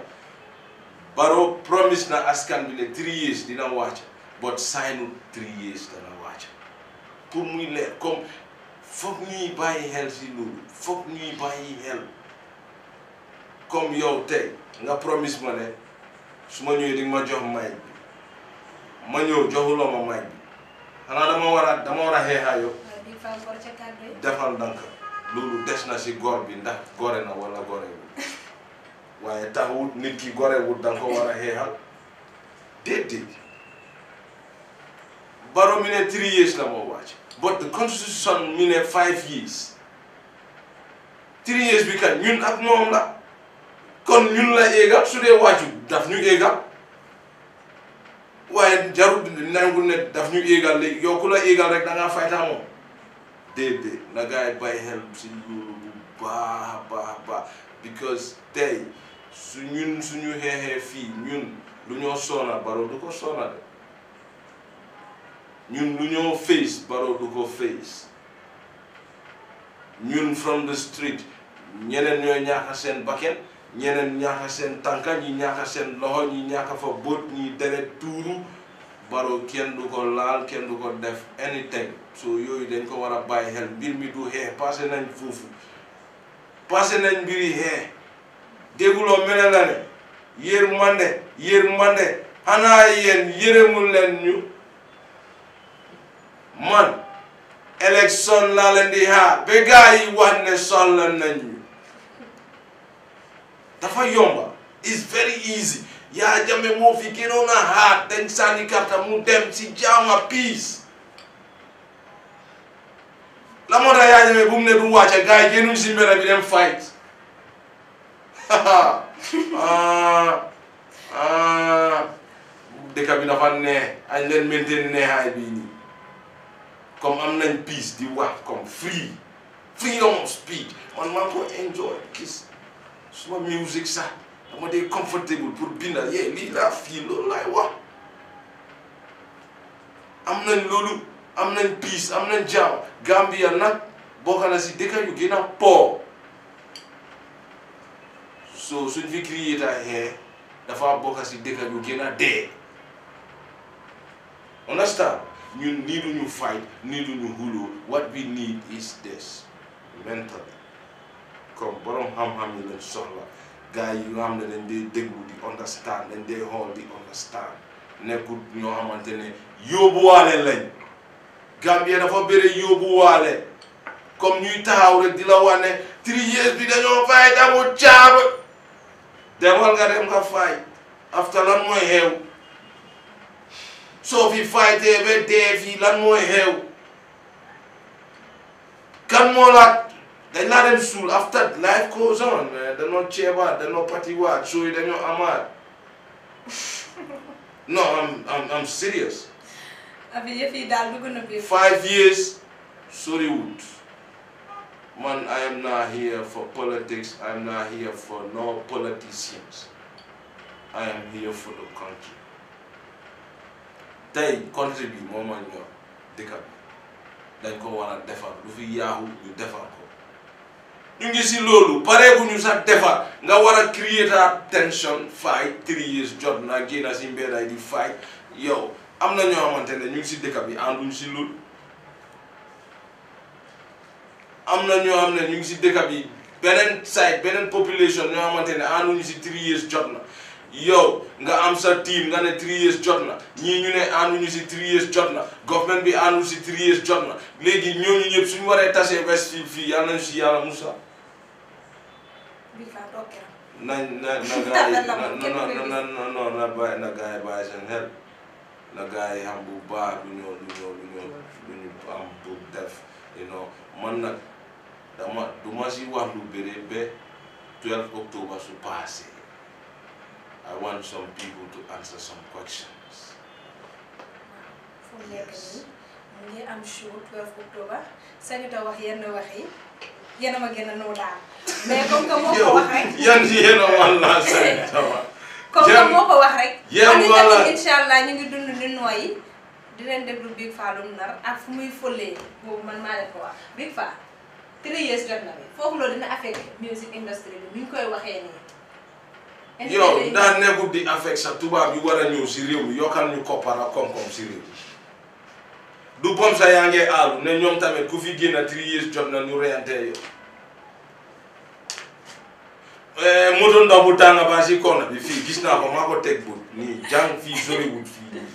Speaker 1: promise na askan bi ne three years dina wàcc but signu three years dana wàcc pour muy leer comme foog ñuy bàyyi xel si loolu foog ñuy bàyyi xel comme yow tey nga promise ma ne su ma ñëwee di ma jox may bi ma ñëw joxuloo ma may bi xanaa dama war dama war a xeexaa defal ndànk loolu des na si góor bi ndax gore na wala gorewul waaye taxul nit ki gorewul danga ko war a xeexal baro mi three years la moo wàcc but the constitution mi five years three years bi kat ñun ak moom la kon ñun la éegal su dee wàccu daf ñu éegal waaye jarul nangu ne daf ñu éegal léegi yow ku la éegal rek da ngaa fay taa moom déedéet na ngay bàyyi xel si loolu bu baax a baax baax because tey su ñun suñu xeexee fii ñun lu ñoo soona Barrow du ko soona de ñun lu ñoo face Barrow du ko face ñun from the street ñeneen ñooy ñaaxa seen bakken ñeneen ñaaxa seen tànka ñi ñaaxa seen loxo ñi ñaaxa fa bóot ñi deret tuuru baro kenn du ko laal kenn du ko def anytime so yooyu dañ ko war a bàyyi xel mbir mi du xeex passé nañ foofu passé nañ mbiri xeex dégguloo mel la ne yéer mande yéer mande xanaa yéen yërëmul leen ñu man élection laa leen di xaar ba yi wax ne soxla nañ ñu dafa yomba it's very easy yaa jame moo fi gënoon a xaar dañ sànni karta mu dem si jaama peace la moo yaa jame bu mu ne du wàcce gars yi génnuñ si mbedd bi dem fight [laughs] ah, ah, dëkk bi dafa neex añ leen maintain neexaay bii nii comme am nañ peace di wax comme free freedom of speech man maa ko enjoy gis suma music sax dama dee comfortable pour binda yee lii laa fii loolu laay wax am na loolu am na peace am nañ jàmm Gambia nag bokk na si dëkka yu gën a poor so suñ fi creator xee dafa bokk si dëkka yu gën dee understand ñun nii du fight nii du ñu xuloo what we need is this mentally comme borom xam-xam yi lañ soxla gars yi nga xam ne dañ dee déglu di understand dañ dee xool di understand nekkul ñoo xamante ne yóbbuwaale lañ Gambia dafa bëri yóbbuwaale comme ñuy taxaw rek di la wane three years bi dañoo fay damu caaba demal nga dem nga fay after lan mooy xew soo fi faytee ba dee lan mooy xew kan moo laat They let them soul. After life goes on, man. They not cheer what, they not party what, show you they not amad. [laughs] no, I'm, I'm, I'm serious.
Speaker 3: Five
Speaker 1: years, sorry wood. Man, I am not here for politics. I am not here for no politicians. I am here for the country. They contribute more money, They can. They go on and defer. If you Yahoo, you defer. ñu ngi si loolu pareeguñu sax defar nga war a create tension fight three years jot naa génn si mbeddaay di fight yow am na ñoo xamante ne ñu ngi si dëkk bi ànduñ si loolu am na ñoo xam ne ñu ngi si dëkk bi beneen side beneen population ñoo xamante ne ànduñu si three years jot na yow nga am sa team nga ne three years jot na ñii ñu ne ànduñu si three years jot na government bi ànduñu si three years jot na léegi ñooñu su suñu waree tasee west fii yàlla nañ si yàlla musa
Speaker 3: na na na non [laughs] non na na na
Speaker 1: non na non, na non, non, I want some people to answer some questions.
Speaker 3: yéen a ma gën a noo daal mais comme que ko wax rek.
Speaker 2: yan si yéen a wàll naa
Speaker 1: comme ko wax rek.
Speaker 2: yéen wala
Speaker 3: incha allah ñu ngi dund ni nooyi. di leen déglu Big Faa lu mu nar ak fu muy fëlee boobu man maa ko wax Big Faa. three years jot na bi foofu loolu dina affecté music industry bi ñu koy waxee nii. yow daa
Speaker 1: nekkul di affecté sa tubaab yu war a ñëw si réew mi yokkal ñu koppar ak koom si réew du bom sa yaa ngee aalu ku fi génn three years jot na ñu reyantee yow eh, moto ndaw bu tànga baa si corner bi fii gis naa ko maa ko teg bët nii jàng fii fii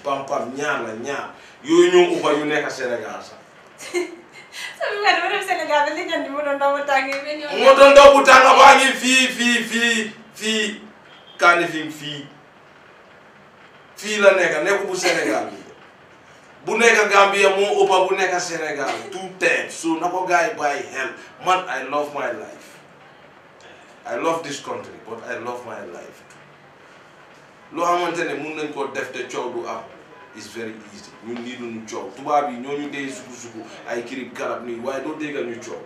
Speaker 1: pam pam ñaar la ñaar yooyu ñoo ubba yu nekk Sénégal sax
Speaker 3: [laughs] moto ndaw bu tànga
Speaker 1: baa ngi fii fii fii fii Kanifing fii fii la nekk nekk bu Sénégal Buneka Gambia mo opa Buneka Sénégal two times so na ko gars yi bàyyi man I love my life I love this country but I love my life loo xamante ne mun nañ ko def te coow du am is very easy ñun nii duñu coow tubaab yi ñooñu dee suku-suku ay kirib garab nii waaye doo déggal ñu coow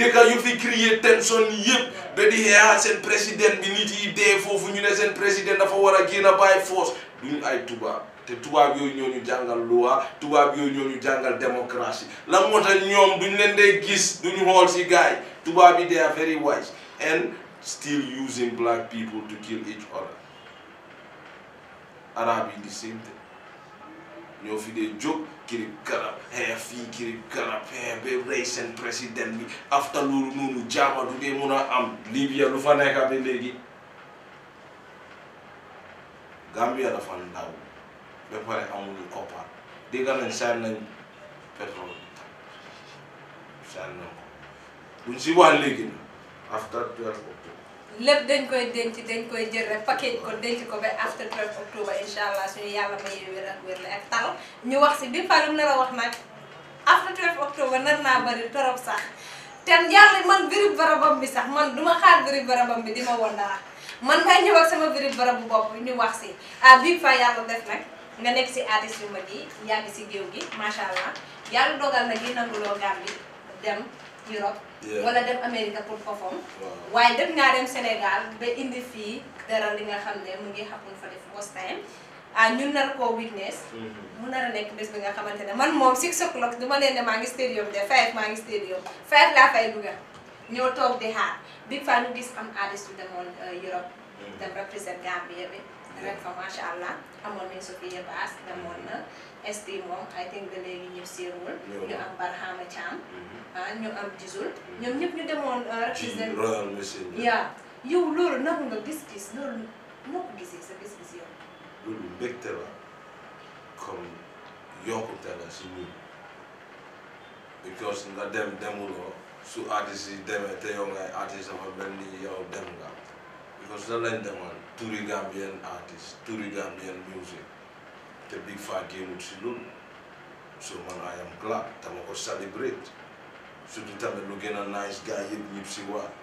Speaker 1: dëkka yu fi créer tension yëpp ba di xeexaat seen président bi nit yi dee foofu ñu ne seen président dafa war a génn by force duñu ay tubaab te tubaab yooyu ñoo ñu jàngal loi tubaab yooyu ñoo ñu jàngal la moo tax ñoom duñ leen dee gis duñu xool si gars yi tubaab yi they are very wise and still using black people to kill each other arab yi di same thing ñoo fi dee jóg kirib karab xeex eh, fii kirib karab xeex eh, ba rey seen bi after loolu noonu jaama du dee mun a am Libya lu fa nekk ba léegi Gambia dafa ndaw ba pare amuñu koppar dégg nañ sànni nañ pétrole sànni nañ ko buñ si wax léegi na after 12 octobre. lépp
Speaker 3: dañ koy denc dañ koy jël rek package ko denc ko ba after 12 octobre incha allah suñu yàlla mayee wér ak wér la ak tal ñu wax si bi Fallou nar a wax nag after 12 octobre nar naa bëri torop sax te yàlla man birib barabam bi sax man duma xaar birib barabam bi di ma won man may ñëw sama birib barabu bopp ñu wax si ah bii fa nga nekk si artiste yu mag yi yàgg si géew gi macha allah yàlla dogal na gi nanguloo Gambie dem Europe. wala dem Amérique pour fofom waaye dem ngaa dem Sénégal ba indi fii dara li nga xam ne mu ngi xamul fa def first time ah ñun nar koo witness. Mm-hmm. mu nar a nekk bis bi nga xamante ne man moom six o'clock du ma leen ne maa ngi stadium de five maa ngi stadium five laa fay dugga ñoo toog di xaar big fan ñu gis am artiste yu demoon uh, Europe. Mm-hmm. dem represent Gambie bi. ren macha allah amoon nañ Sophia Baas demoon na ST moom I think ba léegi ñëpp séerul ñu am Barhama Thiam mm-hmm. ah ñu am Jisul ñoom ñëpp ñu euh, yaa yow loolu naka nga gis-gis loolu noo ko gis yow loolu
Speaker 1: mbégte la comme yokkute la si ñun because nga dem demuloo su artiste yi demee te yow ngay artiste dafa mel ni yow dem nga because lan lañ demoon Touri Gambian artist Touri Gambian music te Big Faa génnut si loolu so man I am glad dama ko celebrate surtout tamit lu gën a nice gars yëpp ñib si waat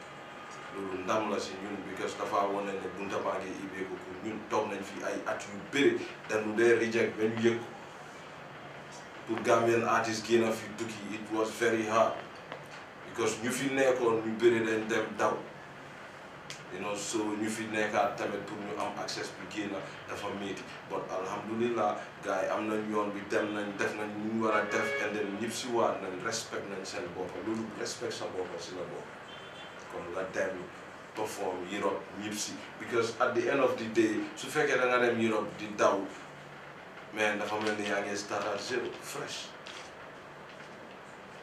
Speaker 1: loolu ndam la si ñun because dafa wane ne bunta baa ngi ibeeku ko ñun toog nañ fi ay at yu bëri dañu dee reject ba ñu yëg ko pour Gambian artist génn fi tukki it was very hard because ñu fi nekkoon ñu bëri dañ dem daw you so ñu fi nekkaat tamit pour ñu am access bi génn dafa métti but alhamdulilah gars yi am nañ yoon bi dem nañ def nañ ñu war a def and then ñëpp si waat nañ respect nañ seen bopp loolu respect sa bopp si la bopp kon nga dem perform Europe ñëpp si because at the end of the day su fekkee da nga dem Europe di daw mais dafa mel ni yaa ngi start at zero fresh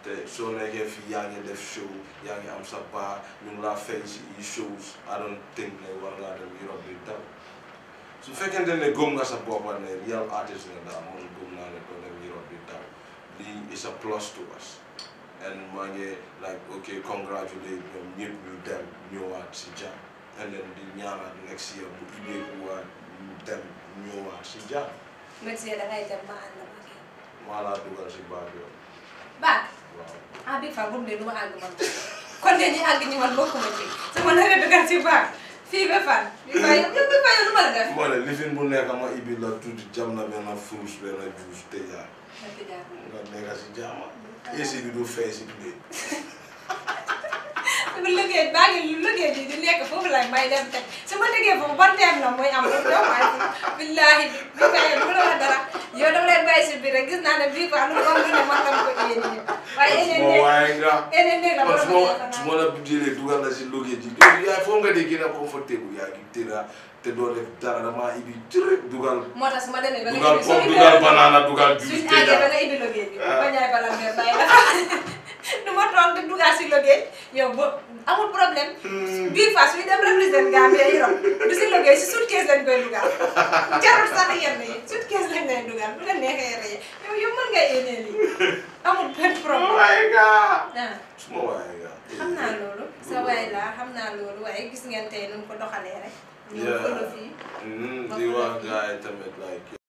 Speaker 1: te soo nekkee fii yaa ngi def show yaa ngi am sa baa ñu ngi laa fay si i shows I don't think ne war ngaa dem Europe bi daw su fekkente ne gëm nga sa boppa ne real artist nga daal moom gëm ne doo dem Europe bi daw lii is a plus to us and maa ngi like ok congratulate ñoom ñëpp ñu dem ñëwaat si jàmm and then di ñaanaat next year mu ibbeeku waat ñu dem ñëwaat si jàmm
Speaker 3: next year da ngay dem ma ànd
Speaker 1: ma laa dugal si
Speaker 3: ah Big Fall boobu de lu ma àgg man kon de ñi àgg ñi man bokkuma ci sama naree dugal ci baax fii ba fan. Big Fall yow Big Fall yow lu ma la def.
Speaker 1: ne lifin bu nekk ma ibi la tuuti jam na benn fuus benn juus te jaar. nga nekk si jaama. esi bi du fay si biir. [laughs]
Speaker 3: bu liggéey maa ngi liggéey bi di nekk foofu la may dem teg su ma liggéey foofu ban teem la mooy am loolu doo maa billaahi bi kaye bu la dara yow dama leen bàyyi si biir rek gis naa ne bii quoi lu am lu ne man tam ko yéen ñi waaye eneen waaye nga eneen la su
Speaker 1: ma la jëlee dugal la si liggéey ji yaay foo nga dee gën a conforté bu yaa ngi tëra te doo def dara damaa ibi tërë dugal
Speaker 3: moo tax su ma demee ba dugal pomme dugal banana
Speaker 1: dugal juice suñu àggee ba
Speaker 3: nga ibi liggéey
Speaker 2: bi
Speaker 1: bañaay
Speaker 3: bala nga bàyyi la foo toog di dugaat si logéey yow ba amul problème. Hmm. bii fas yi dem représente Gambie yi rom du si logéey si suitcase lañ koy dugal jarul sax yenn yi suitcase lañ lay dugal bu la neexee rëy yow yow mën nga yéene lii amul benn problème. waaye gaa.
Speaker 1: suma waaye gaa.
Speaker 3: xam naa sa waay laa xam naa loolu gis ngeen tey mu ko doxalee rek. ñëw ko fii.
Speaker 1: Hmm, di wax gars yi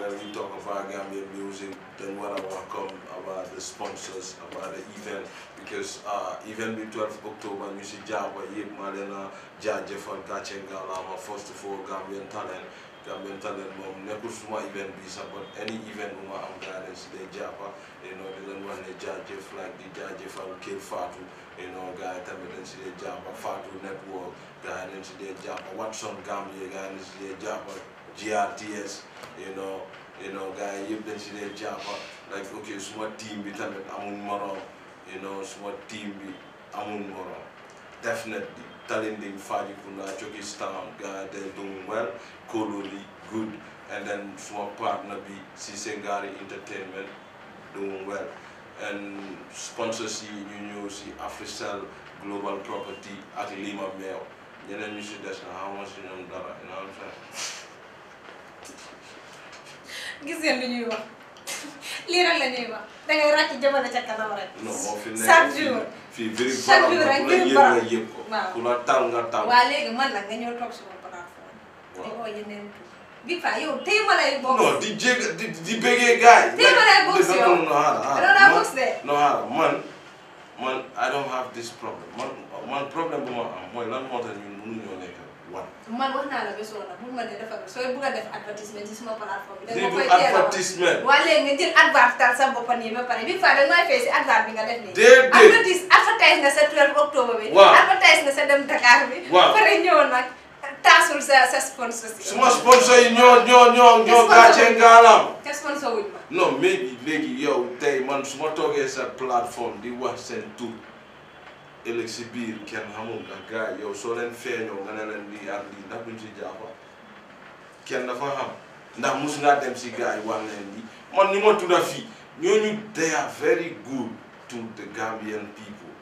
Speaker 1: when we talk about Gambia music, then what about come about the sponsors, about the event, because uh, even the 12th October, you see Jabba, Yip, Malena, Jaja, Fan, Kachengala, my first of all Gambian talent, Gambian talent, mom, nekul suma event be but any event uma am guidance, they Jabba, you know, they don't want the Jaja, like the Jaja, Fan, Kil Fatu, you know, guy, Tamilens, the Jabba, Fatu Network, guidance, the Jabba, Watson Gambia, guidance, the Jabba, GRTS you know you know gars yi yëpp dañ si dee jàppa like ok suma team bi tamit amul morom you know suma team bi amul morom definitely Talinding Fajikunda Chokistown guy they're doing well Kololi good and then suma partner bi Sisengari Entertainment doing well and sponsors yi ñu ñëw si Africell Global Property ak Lima Meew ñeneen ñu si des na xawma si ñoom dara you know what
Speaker 3: gis li ñuy wax la ñuy wax da ngay ca kanam rek.
Speaker 1: fi chaque jour ko. ku la nga man nga ñëw di
Speaker 3: ko yeneen bi fa yow lay bokk. non
Speaker 1: di di di lay bokk yow non man man I don't have this problem man man problème bu ma am mooy lan tax ñu.
Speaker 3: man wax naa la ba na bu ma ne dafa sooy bugg def advertisement ci suma plateforme bi. da nga koy teel a
Speaker 1: advertisement. waa
Speaker 3: léegi nga jël advertal sa bopp nii ba pare bi da fay si advert bi nga def nii. advertise advertise nga sa 12 octobre bi. waaw advertise nga sa dem Dakar bi. waaw pare ñëw nag taasul sa sa sponsor
Speaker 1: suma sponsor yi ñoo ñoo ñoo ñoo gàcce ngaalaam.
Speaker 3: te sponsor wuñ ma.
Speaker 1: non mais léegi yow tey man su ma toogee sa plateforme di wax seen tur. ëllëg si biir kenn xamul ndax gars yi yow soo leen feeñoo nga ne leen lii ak lii ndax duñ si jaafa kenn dafa xam ndax mus ngaa si gars yi wax leen lii man ni ma tudda fii ñooñu they are very good to the Gambian people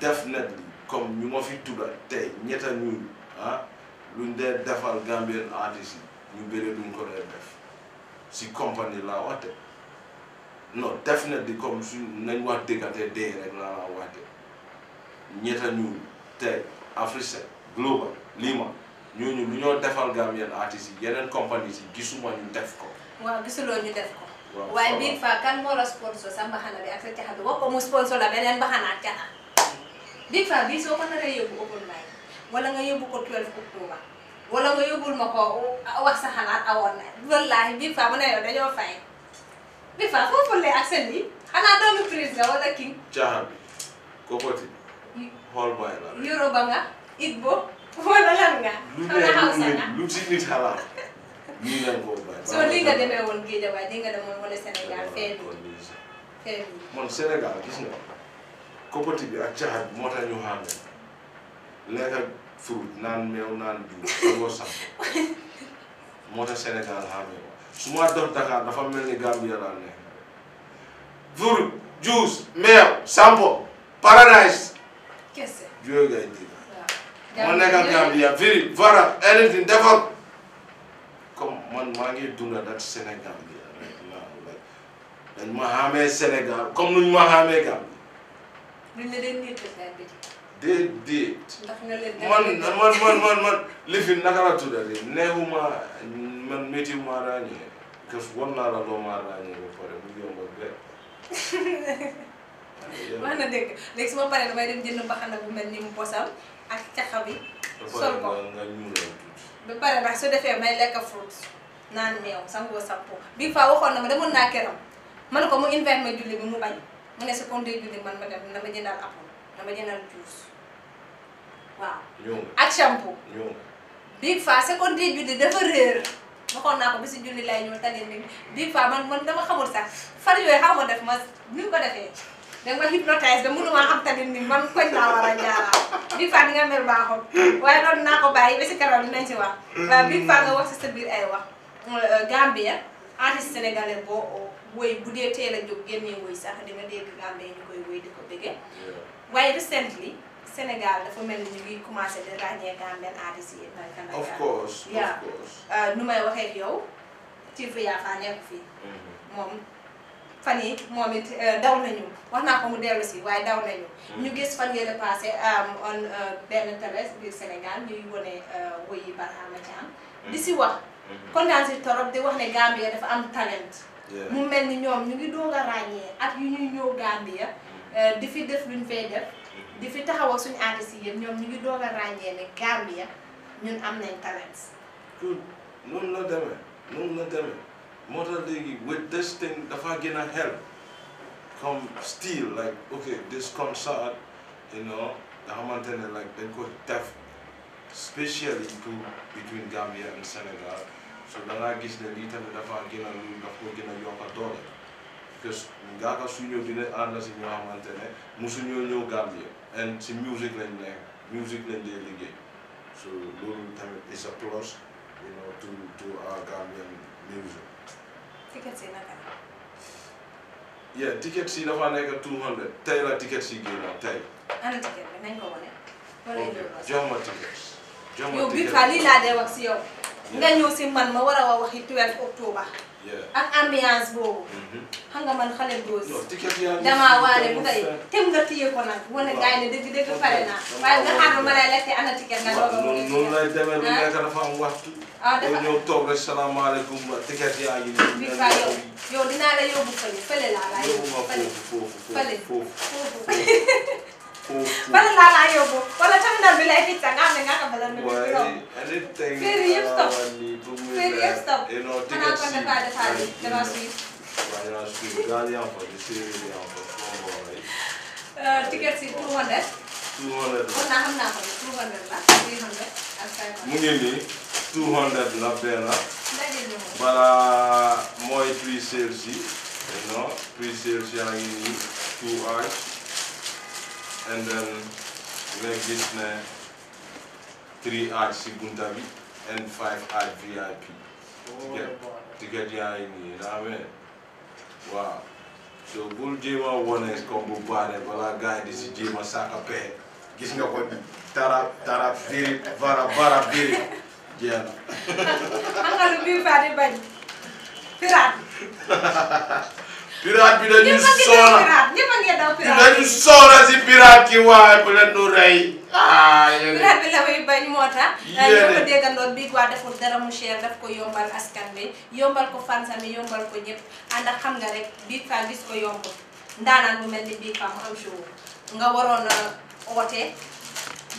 Speaker 1: definitely comme ñu ma fi tudda tey ñetta ñuy ah luñ dee defal Gambian artist yi ñu bëri duñ ko dee def si compagnie laa waxte non definitely comme suñ nañ wax dëggante dee rek laa laa waxte ñeeta ñuul tey Afriset Global Lima ñooñu lu ñoo defal Gambian artistes yi yeneen compagnies yi gisuma ñu def ko.
Speaker 3: waaw gisuloo ñu def ko. waaw waaye Big Faa kan moo la sponsor sa mbaxana bi ak sa caxa bi wax ko mu sponsor la beneen mbaxana ak caxa Big Faa bii soo ko naree yóbbu open mic wala nga yóbbu ko 12 octobre wala nga yóbbul ma ko uh, wax sa xalaat awoon na wallaahi Big Faa mu ne yow dañoo fay Big Faa foofu lay ak seen bi xanaa
Speaker 1: doomu xool booy la rek.
Speaker 3: Yoruba nga Igbo wala lan nga. wala Hausa
Speaker 1: lu ci nit xalaat nii lañ koo bàyyi. soo lii nga demee
Speaker 3: woon Guédiawaye di nga demoon wala Sénégal feeñ. feeñ
Speaker 1: man Sénégal gis nga koppati bi ak caxat bi moo tax ñu xàmme lekk ak fruit [laughs] Gambia laa nekk fruit juice meew sampo paradise Dieu ngay dimbali. moo nekkal Gambia very varal anything defal comme man maa ngi dunda ak Sénégal bi right now like dañ ma xamee Sénégal comme nuñ ma xamee Gambie.
Speaker 3: luñ la leen nit
Speaker 1: déet déet. man man man man man li fi naka la tuddati neexuma man métti ma ràññee. parce que war naa la loo ma ràññee ba pare mu yomb a
Speaker 3: [laughs] Iya. mana dek, dëgg léegi su ma paree damay dem jënd mbaxana bu mel ni mu posam ak caxa ya? bi. sol ko ba pare ndax su defee may lekk fruit naan meew sangoo sappo bii fois waxoon na ma demoon naa këram ma ne ko mu invite ma julli bi mu bañ mu ne su kon dee julli man ma dem dama jëndal apple juice wow, ak shampoo. bii fois su kon dee julli aku réer. juli lain ko bisu julli lay ñëw man man dama kamu sax fan yooyu xaw ma def ma ni mu danga ma hypnotise ba mënuma xam tamit ni man koñ laa war a jaaraat Big Faa di mel baaxul waaye loolu naa ko bàyyi ba si kanam dinañ si wax.
Speaker 1: waaw Big Faa nga
Speaker 3: wax si sa biir ay wax. Euh, Gambia artiste sénégalais boo woy bu dee teel a jóg génnee woy sax di nga dégg Gambia ñu koy woy di ko bëgge waaye recently Sénégal dafa mel ni ñu ngi commencé di ràññee Gambian artistes yi. of course of euh, nu may waxee ak yow Tivou Yafaa nekk fii mm-hmm. moom. fan yi moom it euh, daw nañu wax naa ko mu dellu si waaye daw nañu. Mm. ñu gis fan yële passé um, on euh, benn télé biir Sénégal ñuy wone euh, woyi Barhama Thiam. Mm. di si wax. Mm-hmm. kontaan si torop di wax ne Gambia dafa am talent. mu mel ni ñoom ñu ngi doog ràññee at yu ñuy ñëw Gambia. Mm. di fi def luñ fay def. Mm-hmm. di fi taxawa ak suñu artistes yi yëpp ñoom ñu ngi doog ràññee ne Gambia ñun am nañ talent.
Speaker 1: loolu la demee loolu la demee. moo tax with this thing dafa gën a help Come still like ok this concert you know the xamante like they ko deaf, especially to between Gambia and Sénégal so da I gis the little tamit dafa gën a lu daf ko gën a yokk a doole because ngaaka suñu dina ànd si ñoo xamante ne mosuñoo ñëw Gambia and the music lañ nekk music lañ dee liggéey so loolu tamit is a plus you know to to our Gambian music
Speaker 3: ticket yi naka la.
Speaker 1: yeah ticket yi dafa nekk two hundred Tell a ticket yi gave a ana
Speaker 3: And a ticket, and then go on it. ticket. tickets. ma
Speaker 1: tickets. You'll be fa lii laa dee nga ñëw
Speaker 3: si man ma war a waxi 12 octobre. ak ambiance boobu. Mm-hmm. xam nga man xale doosi.
Speaker 1: damaa waale bu tey
Speaker 3: tem nga téye ko nag wane gaay ne dëgg dëgg naa waaye nga xaar ma lay lekk ana ticket nga doog a mën noonu
Speaker 1: lay demee lu ah. nekk dafa am waxtu. ah dafa ñëw toog rek salaamaaleykum ticket yaa ngi nii. bi fa yow
Speaker 3: yow dinaa la yóbbu fële fële laa laa yóbbu fële
Speaker 1: foofu foofu fële
Speaker 3: foofu.
Speaker 1: [laughs] wala
Speaker 3: laa laa yóbbu wala terminal bi lay fii sax nga xam ne nga xam ne lan nga fi romb.
Speaker 1: féeri yëpp stop féeri yëpp stop xanaa kon dafa defar bi dafa suy. ticket si 200. 200 uh, la
Speaker 3: naa xam naa ko 200 la 300 ak 500. mu ngi
Speaker 1: nii 200 la benn. balaa mooy prix sales yi. non prix sales yaa ngi nii 2 and then nga gis three arch si bunta and five arch VIP ticket ticket yaa ngi nii daa amee waaw so bul jéem a wone comme baane balaa gars yi di saaka pee gis nga ko tara tara biri bara bara biri jeex na.
Speaker 3: xam [laughs] nga lu biir faa
Speaker 1: [laughs] piraat bi dañu soona
Speaker 3: ñëpp a ngi daw piraat
Speaker 1: si piraat ki waaye bu leen nu rey. piraat ah,
Speaker 3: bi la muy bañ moo tax. yéen ñoo ko déggandoon Big Wa deful dara mu cher daf ko yombal askan bi yombal ko fansami yombal ko ñëpp ànd ak xam nga rek Big Fa gis ko yomb ndaanaan bu mel ni Big Fa mu am nga waroon a woote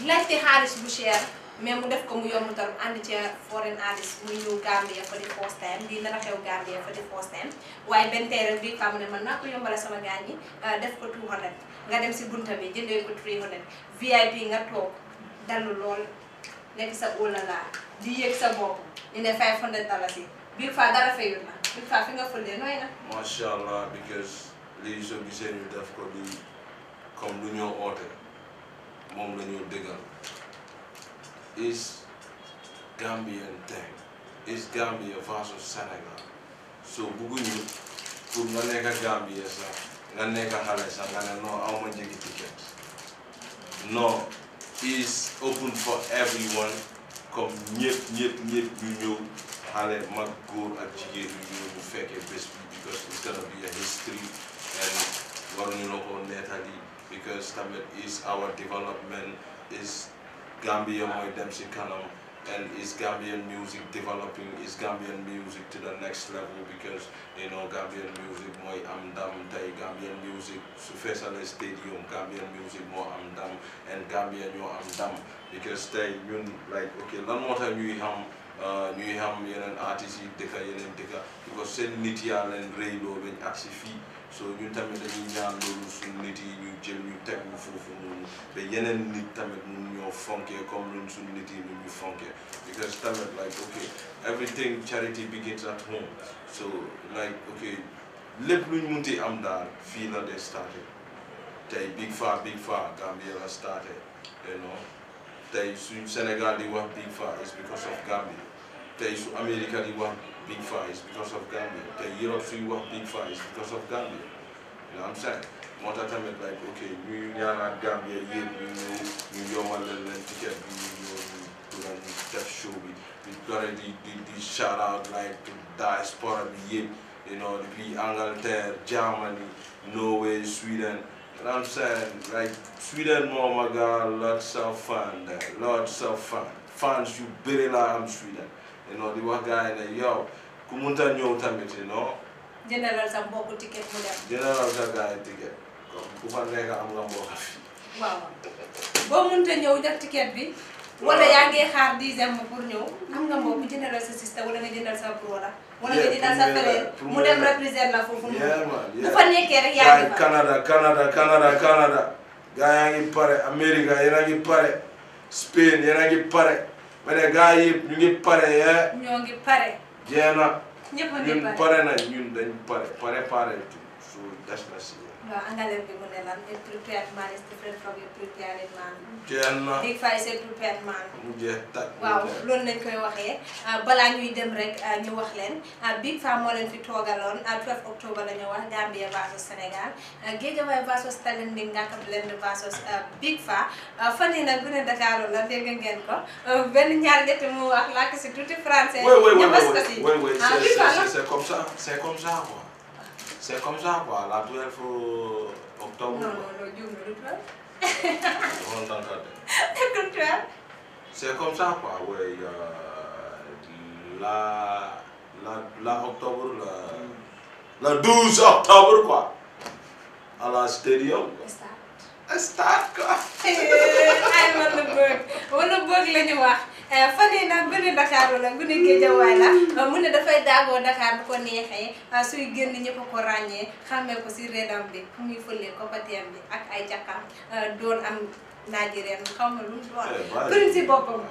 Speaker 3: laajte xaalis bu cher. mais mu def ko mu yomb tam ànd ca foreign artist muy ñëw Gambia for the first time lii nar a xew Gambia for the first time waaye benn teeral bi faamu ne man naa ko yombale sama gaañ ñi ah, def ko 200 nga dem si bunta bi jëndee ko 300 VIP nga toog dallu lool nekk sa óolalaa di yëg sa bopp ñu ne 500 dalasi biir faa dara fayul na biir faa fi nga fëlee nooy na.
Speaker 1: macha allah because lii soo gisee ñu def ko di comme lu is Gambian thing is Gambia versus Senegal so bugguñu pour nga nekk Gambia sax nga nekk xale sax nga ne non aw ma njëgi ticket non is open for everyone comme ñëpp ñëpp ñëpp you know, xale mag góor ak jigéen ñu ñëw bu fekkee bés bi because it's gonna be a history and waruñu la ko nettali because tamit is our development is Gambia mooy dem si kanam and is Gambian music developing is Gambian music to the next level because you know Gambian music mooy am ndam tey Gambian music su feesale stadium Gambian music moo am ndam and Gambia ñoo am ndam because tey ñun like ok lan moo tax ñuy xam uh, ñuy xam yeneen yi dëkka yeneen dëkka because seen nit yaa leen rëyloo bañ fii so ñun tamit a ñaan loolu suñ nit yi ñu jël ñu foofu noonu te yeneen nit tamit mun more funkier, come run soon it will be funky. Because stomach like okay, everything charity begins at home. So like okay, let me munti am that feel that they started. They big far, big far, Gambia started, you know. They Senegal they want big far, it's because of Gambia. They America they want big far, it's because of Gambia. They Europe they want big far, it's because of Gambia. you know moo tax tamit like ok ñuy ñaanaan Gambia yéen ñu ñëw ñu yomal leen leen ticket bi ñu ñëw ñu dugal ñu def bi di pare di di di shout out bi yéen you Germany Norway Sweden you know what like Sweden moom oh ma gaa lots fun there lots fun fans yu bëri laa am Sweden you know di wax gars yow ku munta ñëw tamit you know
Speaker 3: jëndalal sa mbokku ticket mu dem.
Speaker 1: sa gars yi ticket comme ku fa nekk nga mbokk fi.
Speaker 3: waaw boo mënut a ñëw jot bi. wala yaa ngi xaar dixième pour ñëw am nga mbokk jëndalal sa sister wala nga jëndal sa brother. wala nga jëndal sa frère mu dem représenter la foofu noonu. bu fa nekkee rek yaa ngi
Speaker 1: Canada Canada Canada Canada. gaa yaa pare Amérique yéen a ngi pare Spain yéen pare ma ne gaa yi pare yee. ñoo ngi pare. jeex ñëpp a ngi pare ñun pare dañ pare préparé tout su des na si.
Speaker 3: Well, angalam bi mu ne lan a prepared man is different from a prepared man. jeex na big five is a prepared man. mu
Speaker 1: jeex tàkk waaw loolu
Speaker 3: lañ koy waxee ah, balaa ñuy dem rek ah, ñu wax leen ah, big five moo leen fi toogaloon 12 octobre la ñu wax Gambia versus Sénégal Guédiawaye versus Talending Ngaka Blinde versus big five fan yii nag bu ne Dakar la dégg ngeen ko benn ñaar ñett mu wax làkk si tuuti français. ñëpp a si oui oui oui
Speaker 1: c'est comme ça c'est comme ça quoi. C'est comme ça quoi, la 12 octobre. Non, non, non,
Speaker 3: Dieu le 12.
Speaker 1: Le 12. [laughs] C'est comme ça quoi, oui. Euh, la, la, la octobre, la, la 12 octobre quoi. À la stadium. Start. Start quoi.
Speaker 3: I'm on the book. On the book, là, nous Eh, fan yii nag gune Dakar la gune Géejawaay la mm. eh, mu ne dafay daagoo Dakar bu ko neexee eh, suy génn ñëpp ko ràññee xàmmee ko si reedam bi fu muy fëlee koppateem bi ak ay jàkkaam doon am Nigerian xaw ma lu mu doon prince boppam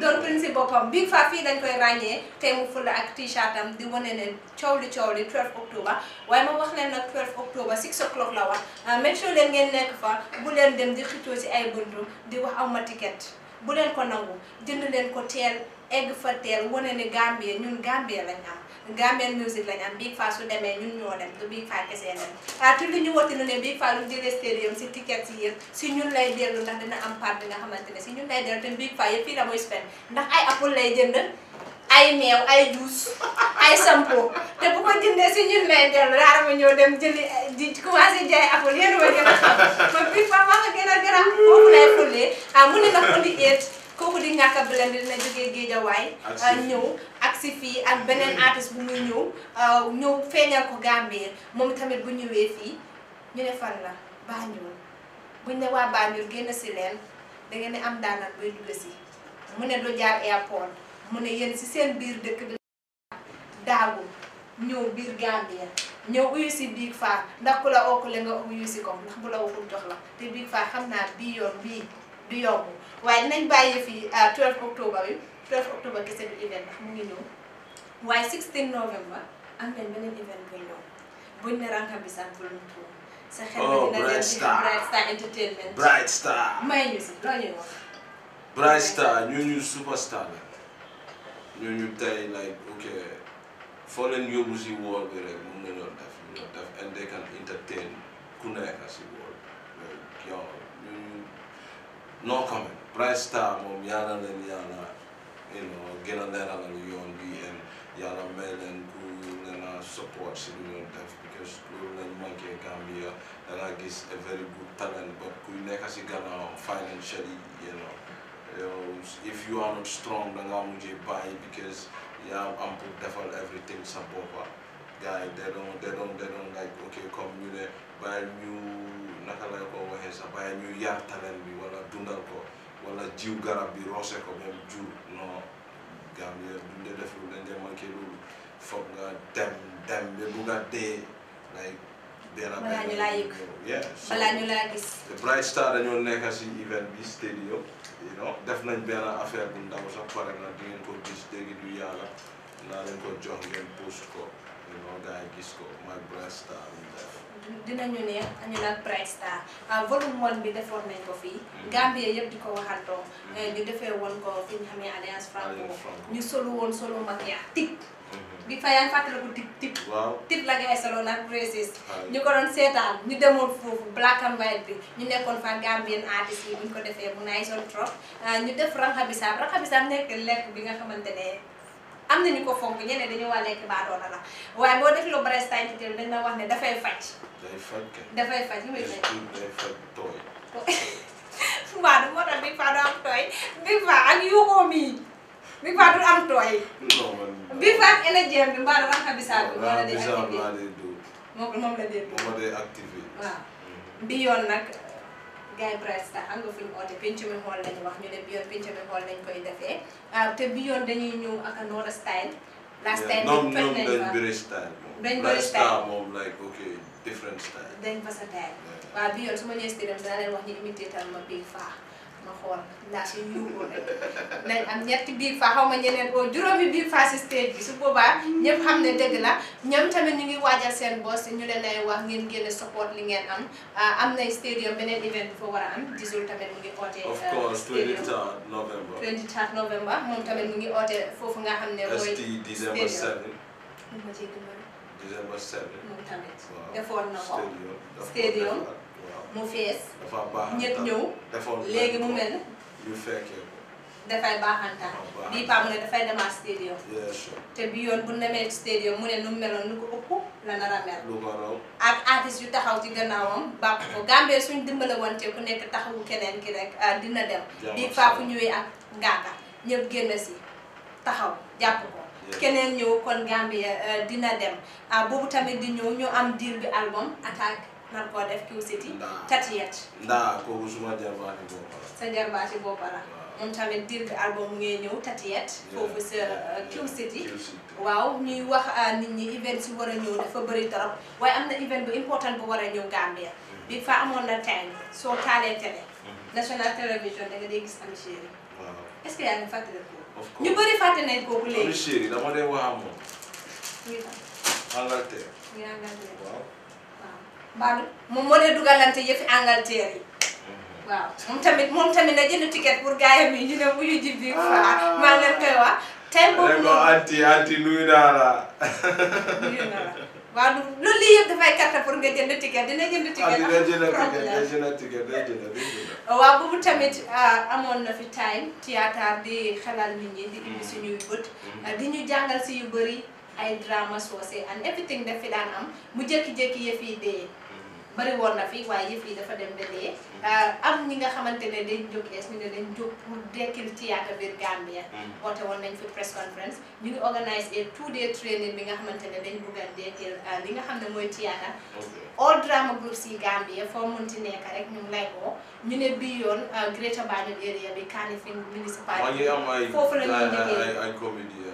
Speaker 3: doon prince boppam Big Faa fii dañ koy ràññee te mu fula ak t-shirtam di wane ne coow li coow li 12 octobre waaye ma wax leen nag 12 octobre 6 o'clock la wax make sure leen ngeen nekk fa bu leen dem di xitoo si ay buntu di wax aw ma ticket bu leen ko nangu jënd leen ko teel egg fa teel wane ni Gambie ñun Gambie lañ am Gambian music lañ am Big Faa su demee ñun ñoo dem du Big Faa kesee dem ah te ñu woote nu ne Big Faa lu jëlee stadium si ticket yi yëpp si ñun lay dellu ndax dina am part bi nga xamante ne si ñun lay dellu te Big Faa yëpp fii la spend ndax ay apple lay jënd ay meew ay juus ay sampo te bu ko jëndee si ñun lay dellu ñëw dem jëli di commencé jaay apple yéen ma gën a xam ma bii fa maa ko gën a gën a kooku lay xullee ah mu ne la xulli eet kooku di ngàkk bi leen dina jógee géejawaay ah, ñëw ak si fii ak beneen mm. artiste bu muy ñëw ah, ñëw feeñal ko Gambie moom tamit bu ñëwee fii ñu ne fan la Banjul buñ ne waa Banjul génn si leen da ngeen ne am daanaka buy dugg si mu ne du jaar airport. mu ne yéen si seen biir dëkk bi daagu ñëw biir Gambia ñëw uyu si biig faar ndax ku la ookule nga uyu si ko ndax bu la waxul jox la te biig faar xam naa bi yoon bii du yomb waaye dinañ bàyyi fii 12 ah, octobre bi 12 octobre kese du event waaye 16 novembre am nañ beneen event buy ñëw buñ ne Rankambisan Volunteer sa xel oh, dina dem Bright Star Entertainment Bright Star may ñu si loo wax
Speaker 1: Bright Star ñooñu superstar la ñooñu tey like ok foo leen yóbbu si wool bi rek mun nañoo def ñu ñoo and they can entertain ku nekk si wool yow ñooñu non comment Bright Star moom yàlla leen yàlla you know gën a leeralal yoon bi and yàlla may leen ku leen a support si lu ñoo def because loolu leen manqué Gambia da nga gis a very good talent ba kuy nekk si gannaaw financially you know yow if you are not strong da ngaa mujjee bàyyi because yaa am pour defal everything sa boppa gars yi they don't they don't they don't like ok comme ñu ne bàyyi ñu naka la ko waxee sax bàyyi ñu yar talent bi wala dundal ko wala jiw garab bi roose ko même jur non Gambia dunde def dañ dee manqué loolu foog nga dem dem ba bu dee like balaa ñu laa yëg balaa ñu laa gis. Bright Star dañoo nekk si event bi stadium non def nañ benn affaire bu ndaw sax pare na di ngeen ko gis léegi du yàlla naa leen ko jox ngeen post ko non gis ko mooy Bright Star ñu def.
Speaker 3: dinañu ne ñu naan Bright Star ah, volume one bi defoon nañ ko fii. Mm. Gambie yëpp di ko waxantoo. ñu mm. eh, defee woon ko fi ñu xamee ñu solu woon solu maquillage tig. bi mhm. fayaan fàttaliku tip tip tip la ngay solo nag précis ñu ko doon seetaan ñu demoon foofu la and white bi ñu nekkoon fa Gambien artiste yi bu ñu ko defee bu naay sol trop ah, ñu def ranxa bisaab bi nga xamante ne am na ñu ko fonk ñeneen dañu waa lekk baadoona la waaye boo def lu bare sànq tamit dañ la wax ne dafay faj
Speaker 1: day faj kay
Speaker 3: dafay faj lu muy faj
Speaker 1: day faj tooy
Speaker 3: [laughs] waaw moo tax big fa doo am tooy big fa ak yuuxoo mii Big Fat du am tooy. Big Fat énergie bi mbaa dafa am bisaab bi. wala day activé moom moom la dee
Speaker 1: dóor. moom day activé.
Speaker 3: waaw mm-hmm. bi yoon nag euh, gars yi presta am nga fu ñu oote penc mi xool lañu wax ñu ne bi yoon penc mi xool lañ koy defee euh, te bi yoon dañuy ñëw ak Ndola style. last time ñoom ñoom dañ bëri style. dañ bëri
Speaker 1: moom like ok different style.
Speaker 3: dañ fa sa style. waaw bi yoon su ma ñëwee stadium dinaa wax ñu imité ma Big Fat. ma xool ndax suñu yuuxoo am ñetti biig fa xaw ma ñeneen oo juróomi biig fa si stage bi su boobaa ñëpp xam ne dëgg la ñoom tamit ñu ngi waajal seen si ñu leen ay wax ngeen génne support li ngeen am ah, am nay stadium beneen event bu fa war a am disul tamit mu ngi oote. of euh, moom tamit ngi oote foofu nga xam ne. mooy stadium December 7.
Speaker 1: December 7. moom tamit. defoon
Speaker 3: na ko stadium. mu fees dafa baax
Speaker 1: ñëpp mu mel yu fekkee
Speaker 3: mu ne stadium te bi yoon bu demee stadium mu ne nu mu meloon lu ko ëpp la nar a mel ak artiste yu taxaw ci gannaawam bàpp ko Gambie suñ dimbale woon ku nekk taxawu keneen ki rek ah, dina dem bi paa ku ñëwee ak ngaaka ñëpp génn si taxaw ko keneen kon gambe ah, dina dem ah, boobu tamit di ñëw ñu am diir bi album attaque man koo def Q-City. tatiyet
Speaker 1: ndaa kooku suma jarbaati boppa la.
Speaker 3: sa jarbaati boppa la. moom tamit dirg album ngay ñëw tatiyet foofu sa uh, Q-City. waaw ñuy wax uh, nit ñi event si war a ñëw dafa bëri trop waaye am na event bu important bu war a ñëw Gambia. Mm-hmm. bi fa amoon na time soo taalee télé. Mm-hmm. national télévision da nga dee gis Ami Chérie. waaw yaa ngi fàttali ko. ñu bëri fàtte nañ kooku
Speaker 1: léegi. dama dee wax moom. Angleterre. Angleterre waaw.
Speaker 3: Bal moom moo dee dugalante yëfi Angleterre yi. Mm-hmm. waaw moom tamit moom tamit na jënd ticket pour gaayam yi ñu ne bu ñu jibbi. waaw ah. maa ngi leen koy wax. tey boobu noonu
Speaker 1: anti anti nuyu naa la. nuyu naa la
Speaker 3: waaw loolu lii yëpp dafay kàttan pour nga jënd ticket dina jënd. ticket ah, dina jënd ticket dina
Speaker 1: jënd ticket dina jënd ticket.
Speaker 3: waaw boobu tamit ah, amoon na fi time théâtre di xelal nit ñi di indi mm-hmm. suñuy bët. Mm-hmm. di ñu jàngal si yu bëri. ay drama soosé and everything daf fi daan am mu jékki-jékki yëf yi dee bari woon na fi waaye yëf yi dafa dem ba dee euh, am ñi nga xamante ne dañ jóg es ñu ne dañ jóg pour dekkil théâtre biir Gambia mm. oote woon nañ fi press conference ñu ngi organise a two day training bi nga xamante ne dañ bugg a dekkil euh, li nga xam ne mooy théâtre all drama groups yi Gambia foo munti nekk rek ñu ngi lay woo ñu ne bii yoon euh, Greater Banjul area bi Kanifing municipality foofu la ñuy liggéey
Speaker 1: ay comédie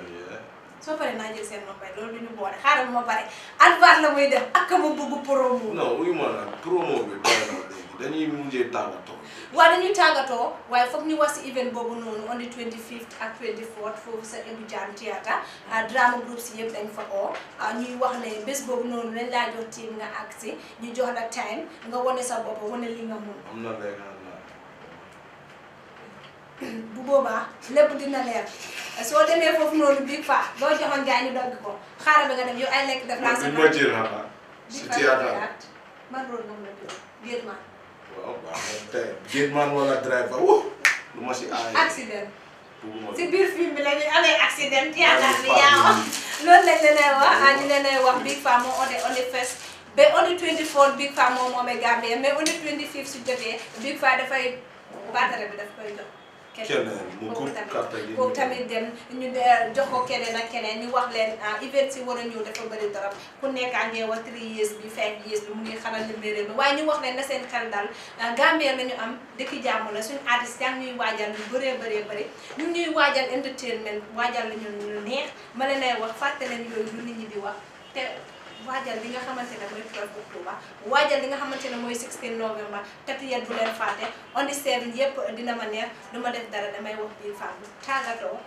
Speaker 3: soo paree naa jël seen noppay loolu du ñu boole xaaral ma pare alvaar la muy def ak ma bëgg
Speaker 1: promo. non wuyu ma la promo bi dañuy mujjee tàggatoo.
Speaker 3: waaw dañuy tàggatoo waaye foog ñu wax si event boobu noonu on the 25th ak 24th foofu sa Eboudiane Theatre ah, drama group si yëpp dañ fa oo ah, ñuy wax ne bés boobu noonu lañ laa jox team nga àgg si ñu jox la time nga wane sa bopp wane li nga mun. bu boobaa lépp dina leer soo demee foofu noonu biig fa loo joxoon jaay ñu dogg ko xaaral ba nga dem yow ay lekk def laa sa ma ci
Speaker 1: raxaat si théâtre
Speaker 3: man rôle moom la jël biir film bi la ñuy amee accident théâtre bi yaa wax loolu lañ leen wax ah ñu leen wax biig fa moo one one fest ba on the Big Faa moom moomee Gambie mais on the 25 su jotee Big Faa dafay batare bi daf koy keneen
Speaker 1: mu ko carte gi tamit
Speaker 3: dem ñu jox ko keneen ak keneen ñu wax leen ah, event si war a ñëw dafa bëri torop ku nekk a ngee wax 3 years bi 5 years bi mu ngi xamal ne mbir mi waaye ñu wax leen na seen xel dal ah, Gambia nañu am dëkk jàmm la suñu artiste yaa ngi ñuy waajal lu bëree bëree bëri ñu ñuy waajal entertainment waajal lu ñu neex ma leen lay wax fàtte leen yooyu lu nit ñi wax te waajal li nga xamante ne mooy 12 octobre waajal li nga xamante ne mooy 16 novembre tati yet bu leen fàtte on the seven yëpp dina ma neex du ma def dara damay wax biir fànn tàggatoo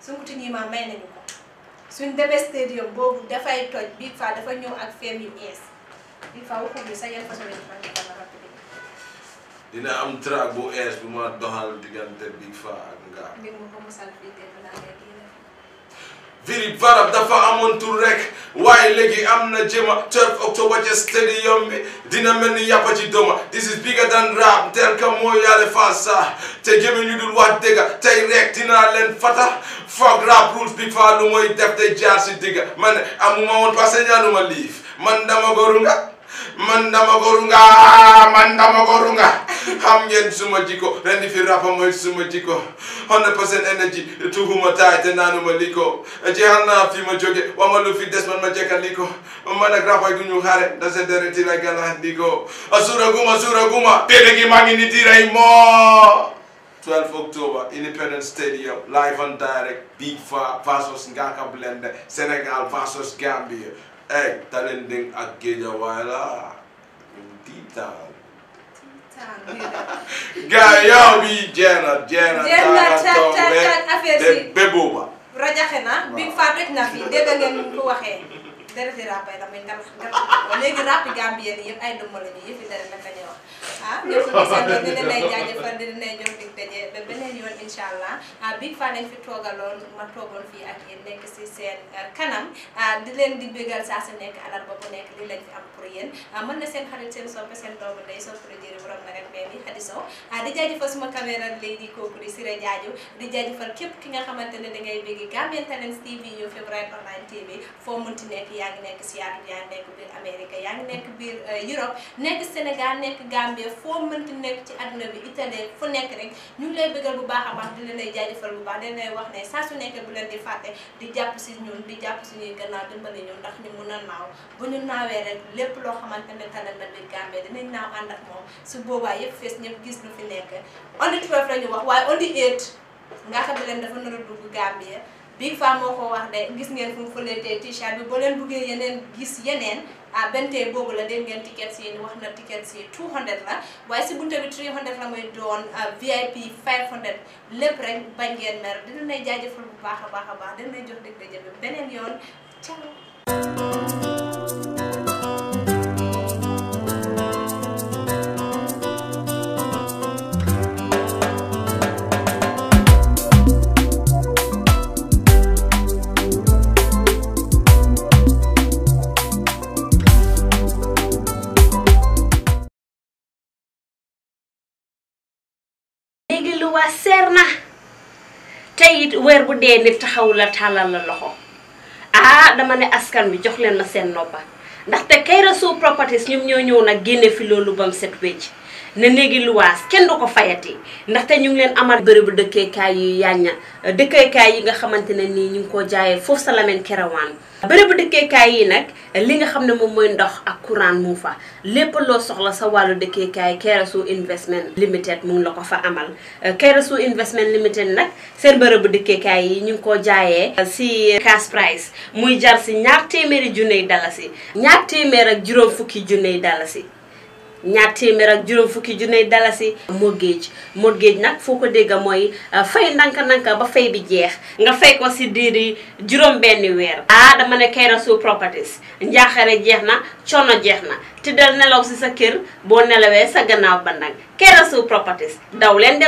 Speaker 3: sunguti ñi ma may nañu ko suñ demee stadium boobu dafay toj biig fa dafa ñëw ak feem yu ees biig fa waxum bi sa yan façon yi fan dama rab bi dina am track bu ees bu
Speaker 1: ma doxal diggante biig fa ak nga. Bril Barab dafa amoon tur rek waaye léegi am na jéem a 12 octobre ca stadium bi dina mel ni yàppa ci doma this is bigger than rap terka moo yàlla faasa te gémmiñ ñu dul wax dëgga tey rek dinaa len fata foog rap rules bi fa lu mooy def te jaar si digga man amuma woon parce que ma liif man dama góoru man dama ko man dama ko runga xam suma jiko rendi fi rapa mooy suma jikko hundred percent énergie tuhuma taay te naanuma li ko jeexal naa fii ma jóge wama lu fi des man ma jekkal li ko man ak rapa gu ñu xare dereti la galaan di ko guma sura guma téere gi maa ngi ni diray October, Independence Stadium, live and direct, Big Fa versus Ngaka Blende, Senegal versus Gambia. Hey, Talending ak Guédiawaye la T-Town. [laughs] gars yow bi jeex na jeex na. jeex na caag caag affaire si de
Speaker 3: rajaxe na Big Faa toj na fi dégg ngeen ko waxee. dara si rapa ita min kam léegi rap Gambien yëpp ay dumbal ñu yëpp dara naka ñoo ah ñoo ko gisandoo dina lay jaajëfal dina lay jox dig daje ba beneen yoon incha allah big fan lañ fi toogaloon ma toogoon fii ak yéen nekk si seen kanam di leen di bégal saa su nekk alarba bu nekk li lañ fi am pour yéen mën na seen xarit seen soppe seen doomu day sopp la jëri borom nag ak jadi Hadi Sow di jaajëfal suma caméra lady kooku di Sira Jaaju di jaajëfal képp ki nga xamante ne da ngay Gambian Talents TV You Favorite Online TV for munti yaa ngi nekk Seattle yaa ngi nekk biir Amérique yaa ngi nekk biir euh, Europe nekk Sénégal nekk Gambie foo mënti nekk ci àdduna bi Italie fu nekk rek ñu ngi lay bëggal bu baax a baax di leen lay jaajëfal bu baax di leen lay wax ne saa su nekk bu leen di fàtte di jàpp si ñun di jàpp suñuy gannaaw dimbali ñun ndax ñu mun a naaw bu ñu naawee rek lépp loo xamante ne talal na biir Gambie dinañ naaw ànd ak moom si boobaa yëpp fees ñëpp gis lu fi nekk on the twelve la ñu wax waaye on eight nga xam ne leen dafa nar a dugg Gambie bii Fam moo ko wax de gis ngeen fu mu fëleetee t-shirt bi boo leen buggee yeneen gis yeneen ah bentee boobu la dégg ngeen tickets yi wax na tickets yi 200 la waaye si bunte bi 300 la muy doon ah, VIP 500 lépp rek bañ ngeen mer dina lay jaajëfal bu baax a baax a baax dina lay jox dëgg la beneen yoon
Speaker 2: tey it weer bu dee nit taxaw la tàllal la loxo ah dama ne askan bi jox leen ma seen noppa ndaxte Kairó Shoe Properties ñoom ñoo ñëw nag génne fi loolu ba mu set wecc ne néegi luwaas kenn du ko fayati ndaxte ñu ngi leen amal bërëbu dëkkeekaay yu yàñña dëkkeekaay yi nga xamante ne nii ñu ngi ko jaayee foofu sa Lamine Kerewan bërëbu dëkkeekaay yi nag li nga xam ne moom mooy ndox ak courant mu fa lépp loo soxla sa wàllu dëkkeekaay Keresu Investment Limited mu ngi la ko fa amal Keresu Investment Limited nag seen bërëbu dëkkeekaay yi ñu ngi ko jaayee si cash price muy jar si ñaar téeméeri junney dalasi ñaar téeméer ak juróom fukki junney dalasi ñaar téeméer ak juróom fukki junney dalasi mortgage mortgage nag foo ko dégg mooy euh, fay nanka-nanka ba fay bi jeex nga fay ko si diiri juróom benni weer ah dama ne Kayrasu Properties njaaxare jeex na coono jeex na tëddal nelaw si sa kër boo nelawee sa gannaaw ba nag Kayrasu Properties daw leen